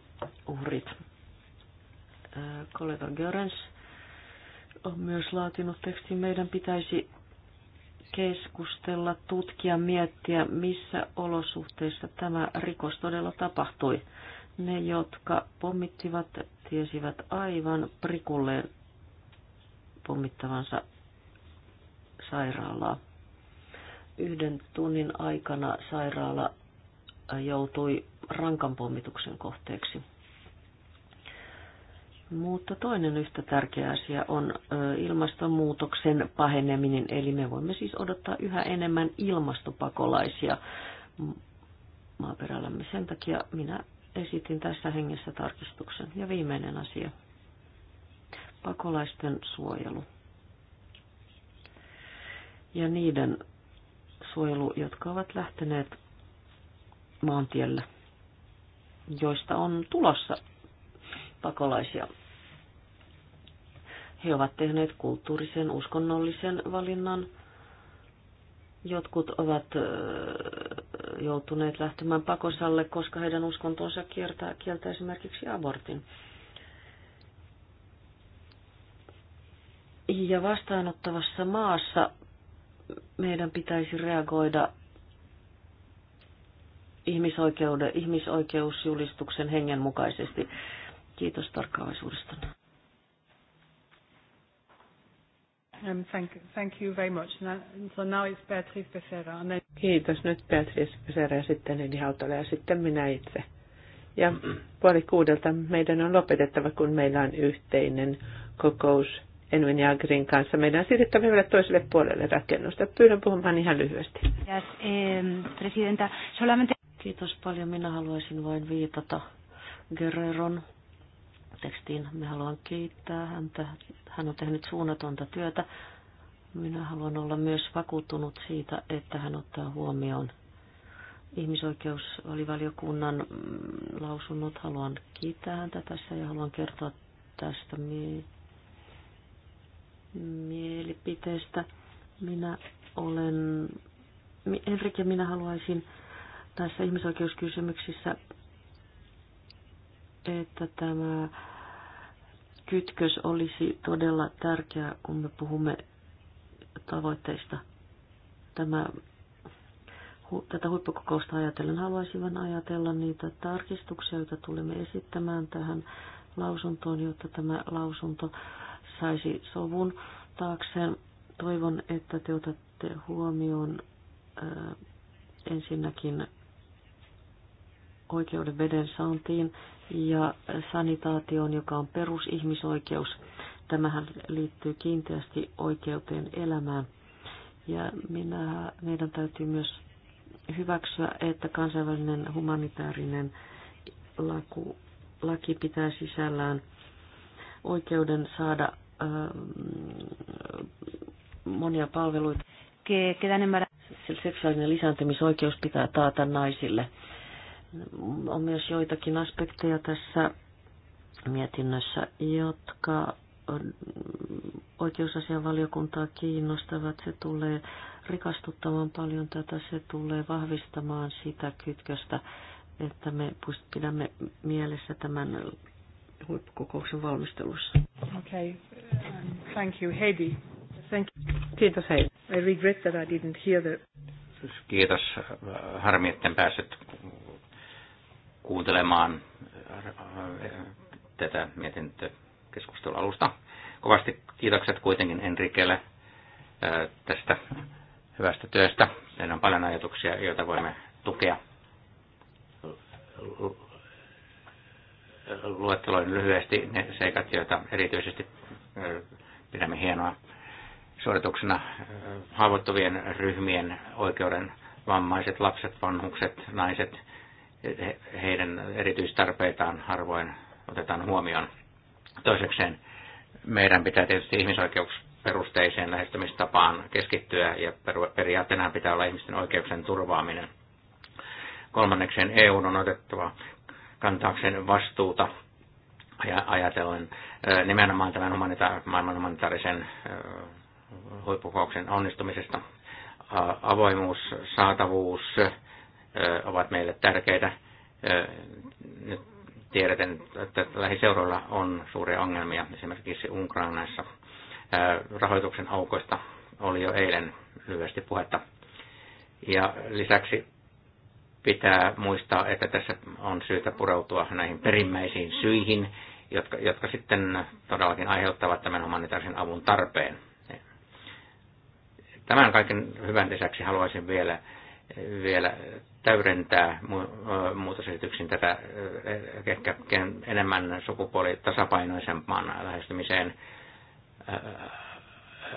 uhrit. Kollega Görens on myös laatinut tekstin. Meidän pitäisi keskustella, tutkia, miettiä, missä olosuhteissa tämä rikos todella tapahtui. Ne, jotka pommittivat, tiesivät aivan prikulleen pommittavansa sairaalaa. Yhden tunnin aikana sairaala joutui rankan pommituksen kohteeksi. Mutta toinen yhtä tärkeä asia on ilmastonmuutoksen paheneminen, eli me voimme siis odottaa yhä enemmän ilmastopakolaisia maaperällämme. Sen takia minä esitin tässä hengessä tarkistuksen. Ja viimeinen asia, pakolaisten suojelu. Ja niiden suojelu, jotka ovat lähteneet maantiellä, joista on tulossa pakolaisia. He ovat tehneet kulttuurisen, uskonnollisen valinnan. Jotkut ovat joutuneet lähtemään pakosalle, koska heidän uskontonsa kieltää, kieltää esimerkiksi abortin. Ja vastaanottavassa maassa meidän pitäisi reagoida ihmisoikeuden, ihmisoikeusjulistuksen hengen mukaisesti. Kiitos tarkkaavaisuudesta. Um, thank, thank you very much. Now, so now it's Beatrice Becerra. And then... Kiitos. Nyt Beatrice Becerra ja sitten Eli Hautala ja sitten minä itse. Ja puoli kuudelta meidän on lopetettava, kun meillä on yhteinen kokous Enwin ja Agrin kanssa. Meidän on vielä toiselle puolelle rakennusta. Pyydän puhumaan ihan lyhyesti. Yes, eh, presidenta. Solamente... Kiitos paljon. Minä haluaisin vain viitata Guerreron tekstiin. Me haluan kiittää häntä. Hän on tehnyt suunnatonta työtä. Minä haluan olla myös vakuuttunut siitä, että hän ottaa huomioon valiokunnan mm, lausunnot. Haluan kiittää häntä tässä ja haluan kertoa tästä mie- mielipiteestä. Minä olen, Henrik ja minä haluaisin näissä ihmisoikeuskysymyksissä, että tämä kytkös olisi todella tärkeä, kun me puhumme tavoitteista. Tämä, tätä huippukokousta ajatellen haluaisin vain ajatella niitä tarkistuksia, joita tulemme esittämään tähän lausuntoon, jotta tämä lausunto saisi sovun taakseen. Toivon, että te otatte huomioon ensinnäkin oikeuden veden saantiin ja sanitaation, joka on perusihmisoikeus. Tämähän liittyy kiinteästi oikeuteen elämään. Ja minä, meidän täytyy myös hyväksyä, että kansainvälinen humanitaarinen laku, laki pitää sisällään oikeuden saada ö, ähm, monia palveluita. Seksuaalinen lisääntymisoikeus pitää taata naisille on myös joitakin aspekteja tässä mietinnössä, jotka oikeusasianvaliokuntaa kiinnostavat. Se tulee rikastuttamaan paljon tätä, se tulee vahvistamaan sitä kytköstä, että me pidämme mielessä tämän huippukokouksen valmistelussa. Okay. Um, thank you, Heidi. Thank you. Kiitos Heidi. I regret that I didn't hear the... Kiitos. Harmi, etten päässyt kuuntelemaan äh, tätä mietintökeskustelun alusta. Kovasti kiitokset kuitenkin Enrikelle äh, tästä hyvästä työstä. Meillä on paljon ajatuksia, joita voimme tukea. Luetteloin lyhyesti ne seikat, joita erityisesti äh, pidämme hienoa suorituksena haavoittuvien ryhmien oikeuden vammaiset, lapset, vanhukset, naiset – heidän erityistarpeitaan harvoin otetaan huomioon. Toisekseen meidän pitää tietysti ihmisoikeusperusteiseen lähestymistapaan keskittyä ja periaatteena pitää olla ihmisten oikeuksien turvaaminen. Kolmannekseen EU on otettava kantaakseen vastuuta ajatellen nimenomaan tämän humanita- maailman humanitaarisen huippukokouksen onnistumisesta. Avoimuus, saatavuus, ovat meille tärkeitä. Nyt tiedetään, että lähiseuroilla on suuria ongelmia, esimerkiksi Ukrainassa. Rahoituksen aukoista oli jo eilen lyhyesti puhetta. Ja lisäksi pitää muistaa, että tässä on syytä pureutua näihin perimmäisiin syihin, jotka, jotka sitten todellakin aiheuttavat tämän humanitaarisen avun tarpeen. Tämän kaiken hyvän lisäksi haluaisin vielä vielä täydentää muutosesityksiin tätä ehkä enemmän sukupuolitasapainoisempaan lähestymiseen.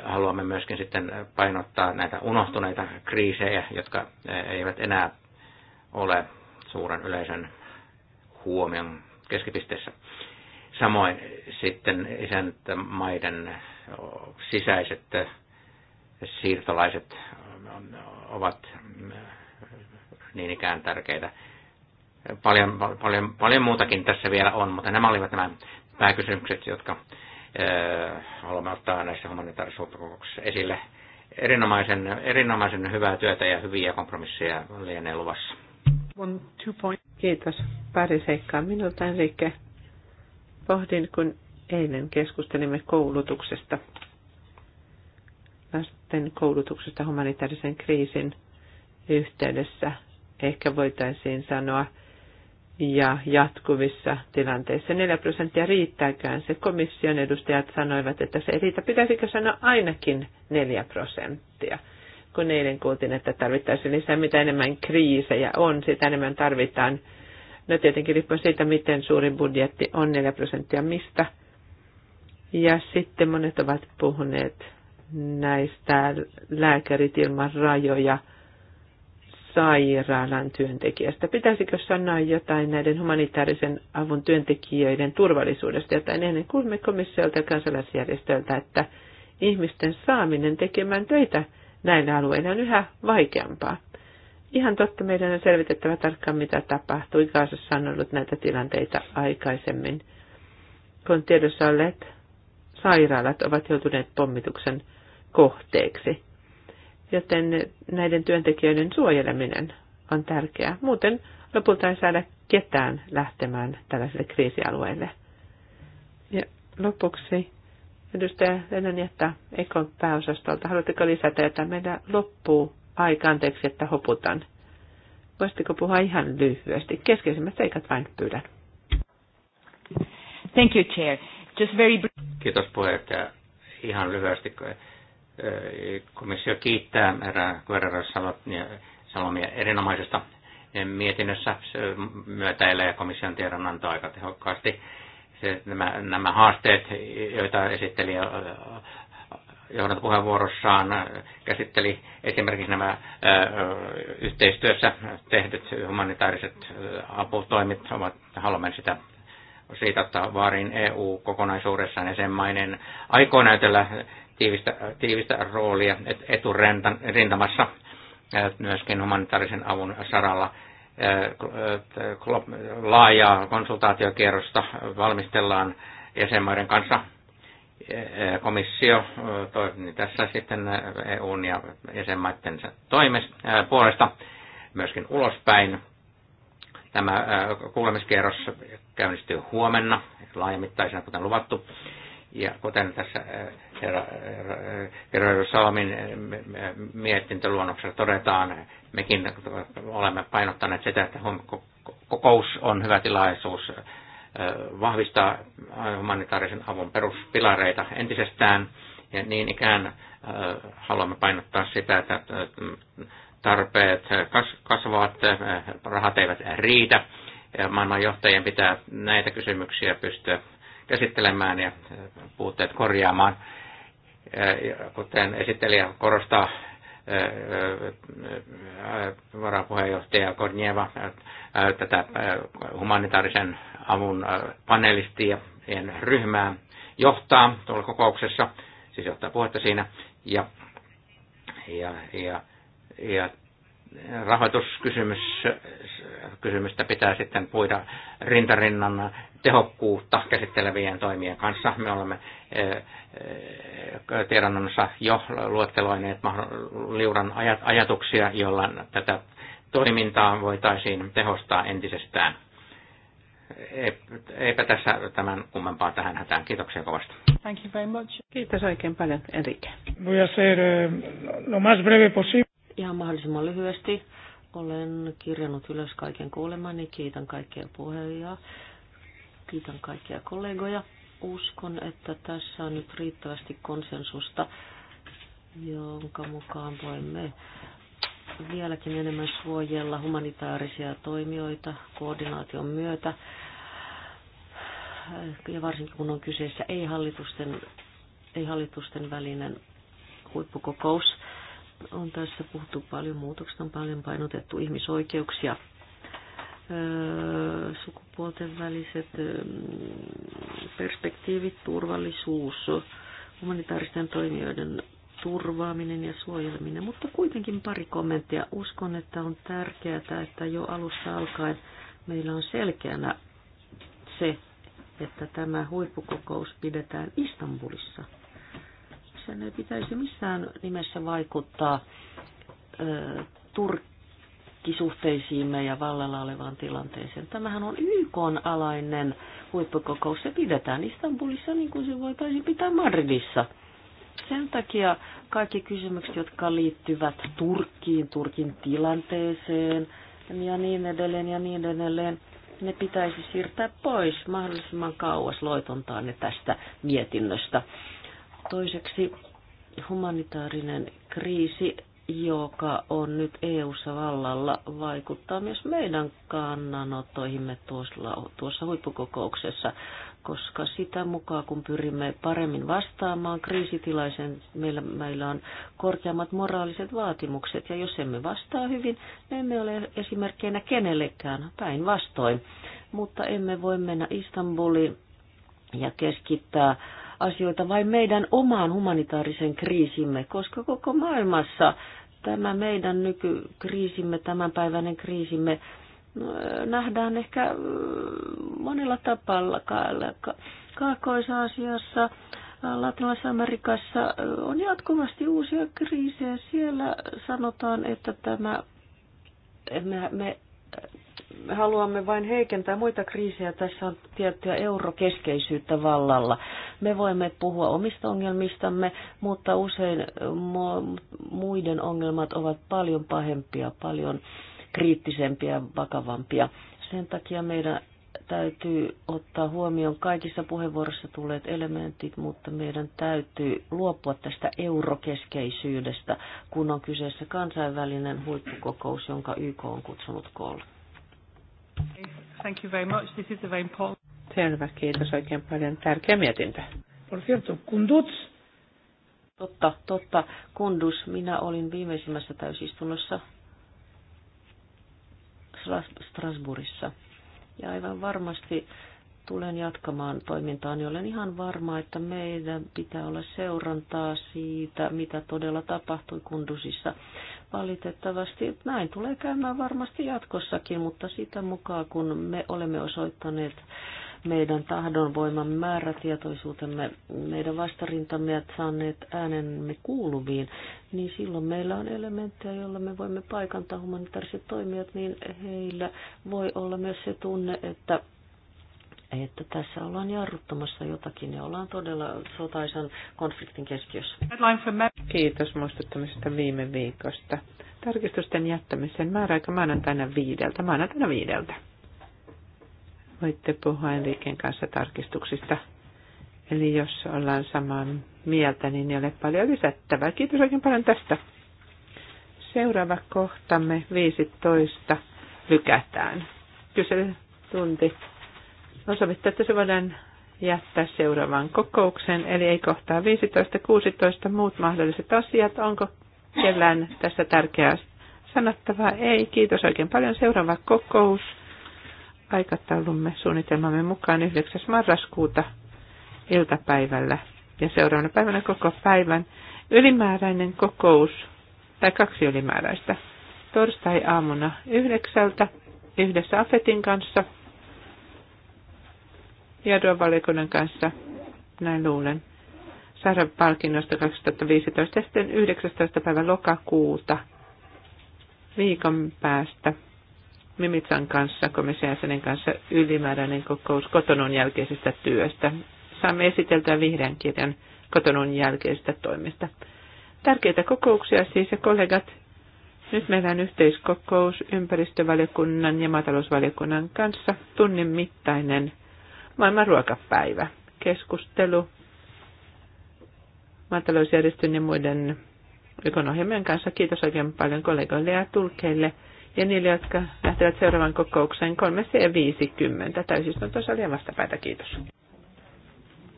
Haluamme myöskin sitten painottaa näitä unohtuneita kriisejä, jotka eivät enää ole suuren yleisön huomion keskipisteessä. Samoin sitten isäntämaiden sisäiset siirtolaiset ovat niin ikään tärkeitä. Paljon, paljon, paljon muutakin tässä vielä on, mutta nämä olivat nämä pääkysymykset, jotka eh, haluamme ottaa näissä kokouksissa esille. Erinomaisen, erinomaisen hyvää työtä ja hyviä kompromisseja lienee luvassa. One, two point. Kiitos. Pari seikkaa minulta, Enrique. Pohdin, kun eilen keskustelimme koulutuksesta lasten koulutuksesta humanitaarisen kriisin yhteydessä ehkä voitaisiin sanoa, ja jatkuvissa tilanteissa. 4 prosenttia riittääkään. Se komission edustajat sanoivat, että se ei riitä. Pitäisikö sanoa ainakin 4 prosenttia? Kun eilen kuultiin, että tarvittaisiin lisää, mitä enemmän kriisejä on, sitä enemmän tarvitaan. No tietenkin riippuen siitä, miten suuri budjetti on 4 prosenttia mistä. Ja sitten monet ovat puhuneet näistä lääkärit ilman rajoja sairaalan työntekijästä. Pitäisikö sanoa jotain näiden humanitaarisen avun työntekijöiden turvallisuudesta, jotain ennen me komissiolta ja kansalaisjärjestöltä, että ihmisten saaminen tekemään töitä näillä alueilla on yhä vaikeampaa. Ihan totta, meidän on selvitettävä tarkkaan, mitä tapahtui. Kaasassa on ollut näitä tilanteita aikaisemmin, kun tiedossa olleet sairaalat ovat joutuneet pommituksen kohteeksi. Joten näiden työntekijöiden suojeleminen on tärkeää. Muuten lopulta ei saada ketään lähtemään tällaiselle kriisialueelle. Ja lopuksi edustaja Lennon jättää Ekon pääosastolta. Haluatteko lisätä että Meillä loppuu aika. Anteeksi, että hoputan. Voisitteko puhua ihan lyhyesti? Keskeisimmät seikat vain pyydän. Thank you, Chair. Just very... Kiitos puheenjohtaja. Ihan lyhyesti. Komissio kiittää herää Salomia erinomaisesta mietinnössä myötäilee komission tiedonanto aika tehokkaasti. Se, nämä, nämä haasteet, joita esitteli johdantopuheenvuorossaan käsitteli esimerkiksi nämä yhteistyössä tehdyt humanitaariset aputoimit, ovat, haluamme sitä siitä ottaa vaarin EU kokonaisuudessaan jäsenmainen aikoo näytellä tiivistä, tiivistä roolia eturintamassa myöskin humanitaarisen avun saralla. Laajaa konsultaatiokierrosta valmistellaan jäsenmaiden kanssa. Komissio toimii tässä sitten EUn ja jäsenmaiden toimesta, puolesta myöskin ulospäin. Tämä kuulemiskierros käynnistyy huomenna laajamittaisena, kuten luvattu. Ja kuten tässä herra, herra, herra Salmin mietintöluonnoksessa todetaan, mekin olemme painottaneet sitä, että kokous on hyvä tilaisuus vahvistaa humanitaarisen avun peruspilareita entisestään. Ja niin ikään haluamme painottaa sitä, että tarpeet kasvavat, rahat eivät riitä. Ja maailmanjohtajien pitää näitä kysymyksiä pystyä käsittelemään ja äh, puutteet korjaamaan. Äh, kuten esittelijä korostaa, äh, varapuheenjohtaja Kornieva tätä humanitaarisen avun panelistia ja ryhmää johtaa tuolla kokouksessa, siis johtaa puhetta siinä, ja, ja, ja, ja rahoituskysymystä pitää sitten puida rintarinnan tehokkuutta käsittelevien toimien kanssa. Me olemme eh, eh, tiedonannossa jo luetteloineet liuran ajatuksia, joilla tätä toimintaa voitaisiin tehostaa entisestään. Eipä tässä tämän kummempaa tähän hätään. Kiitoksia kovasti. Thank you very much. Kiitos oikein paljon, Enrique. Voy a ser eh, lo más breve Ihan mahdollisimman lyhyesti. Olen kirjannut ylös kaiken kuulemani. Kiitän kaikkia puheenjohtajia. Kiitän kaikkia kollegoja. Uskon, että tässä on nyt riittävästi konsensusta, jonka mukaan voimme vieläkin enemmän suojella humanitaarisia toimijoita koordinaation myötä. Ja varsinkin kun on kyseessä ei-hallitusten, ei-hallitusten välinen huippukokous, on tässä puhuttu paljon muutoksista, on paljon painotettu ihmisoikeuksia, öö, sukupuolten väliset öö, perspektiivit, turvallisuus, humanitaaristen toimijoiden turvaaminen ja suojeleminen, mutta kuitenkin pari kommenttia. Uskon, että on tärkeää, että jo alusta alkaen meillä on selkeänä se, että tämä huippukokous pidetään Istanbulissa – sen ei pitäisi missään nimessä vaikuttaa ö, turkkisuhteisiimme ja vallalla olevaan tilanteeseen. Tämähän on YK-alainen huippukokous. Se pidetään Istanbulissa niin kuin se voitaisiin pitää Madridissa. Sen takia kaikki kysymykset, jotka liittyvät Turkkiin, Turkin tilanteeseen ja niin edelleen ja niin edelleen, ne pitäisi siirtää pois mahdollisimman kauas loitontaan ne tästä mietinnöstä. Toiseksi humanitaarinen kriisi, joka on nyt EU-ssa vallalla, vaikuttaa myös meidän kannanottoihimme tuossa tuossa huippukokouksessa, koska sitä mukaan kun pyrimme paremmin vastaamaan kriisitilaisen, meillä, meillä on korkeammat moraaliset vaatimukset, ja jos emme vastaa hyvin, me emme ole esimerkkeinä kenellekään, päinvastoin. Mutta emme voi mennä Istanbuliin ja keskittää asioita vain meidän omaan humanitaarisen kriisimme, koska koko maailmassa tämä meidän nykykriisimme, tämänpäiväinen kriisimme, no, nähdään ehkä monella tapalla. Kaakois-Aasiassa, Latinalaisessa Amerikassa on jatkuvasti uusia kriisejä. Siellä sanotaan, että tämä, me, me haluamme vain heikentää muita kriisejä. Tässä on tiettyä eurokeskeisyyttä vallalla. Me voimme puhua omista ongelmistamme, mutta usein muiden ongelmat ovat paljon pahempia, paljon kriittisempiä ja vakavampia. Sen takia meidän täytyy ottaa huomioon kaikissa puheenvuorossa tulleet elementit, mutta meidän täytyy luopua tästä eurokeskeisyydestä, kun on kyseessä kansainvälinen huippukokous, jonka YK on kutsunut koolle. Thank you very much. This is a very important... Selvä, kiitos oikein paljon. Tärkeä mietintö. Por cierto, kunduts. Totta, totta. Kundus, minä olin viimeisimmässä täysistunnossa Strasbourgissa. Ja aivan varmasti tulen jatkamaan toimintaan, niin olen ihan varma, että meidän pitää olla seurantaa siitä, mitä todella tapahtui Kundusissa. Valitettavasti näin tulee käymään varmasti jatkossakin, mutta sitä mukaan kun me olemme osoittaneet meidän tahdonvoiman määrätietoisuutemme, meidän vastarintamme ja saaneet äänemme kuuluviin, niin silloin meillä on elementtejä, joilla me voimme paikantaa humanitaariset toimijat, niin heillä voi olla myös se tunne, että että tässä ollaan jarruttamassa jotakin ja ollaan todella sotaisan konfliktin keskiössä. Kiitos muistuttamisesta viime viikosta. Tarkistusten jättämisen määräaika maanantaina viideltä. Maanantaina viideltä. Voitte puhua Enriken kanssa tarkistuksista. Eli jos ollaan samaa mieltä, niin ei ole paljon lisättävää. Kiitos oikein paljon tästä. Seuraava kohtamme 15 lykätään. Kyselytunti No sovittaa, että se voidaan jättää seuraavaan kokoukseen, eli ei kohtaa 15-16 muut mahdolliset asiat. Onko kellään tässä tärkeää sanottavaa? Ei, kiitos oikein paljon. Seuraava kokous aikataulumme suunnitelmamme mukaan 9. marraskuuta iltapäivällä ja seuraavana päivänä koko päivän ylimääräinen kokous tai kaksi ylimääräistä torstai-aamuna yhdeksältä yhdessä Afetin kanssa – Jadrovaliokunnan kanssa, näin luulen, Sahra-palkinnosta 2015 ja sitten 19. päivä lokakuuta viikon päästä Mimitsan kanssa, komissiaisenen kanssa ylimääräinen kokous kotonun jälkeisestä työstä. Saamme esiteltyä vihreän kirjan kotonun jälkeisestä toimista. Tärkeitä kokouksia siis ja kollegat, nyt meillä on yhteiskokous ympäristövaliokunnan ja maatalousvaliokunnan kanssa, tunnin mittainen – maailman ruokapäivä. Keskustelu maatalousjärjestön ja muiden ekonohjelmien kanssa. Kiitos oikein paljon kollegoille ja tulkeille ja niille, jotka lähtevät seuraavan kokoukseen 3.50 Täysistuntosalien vastapäätä. Kiitos.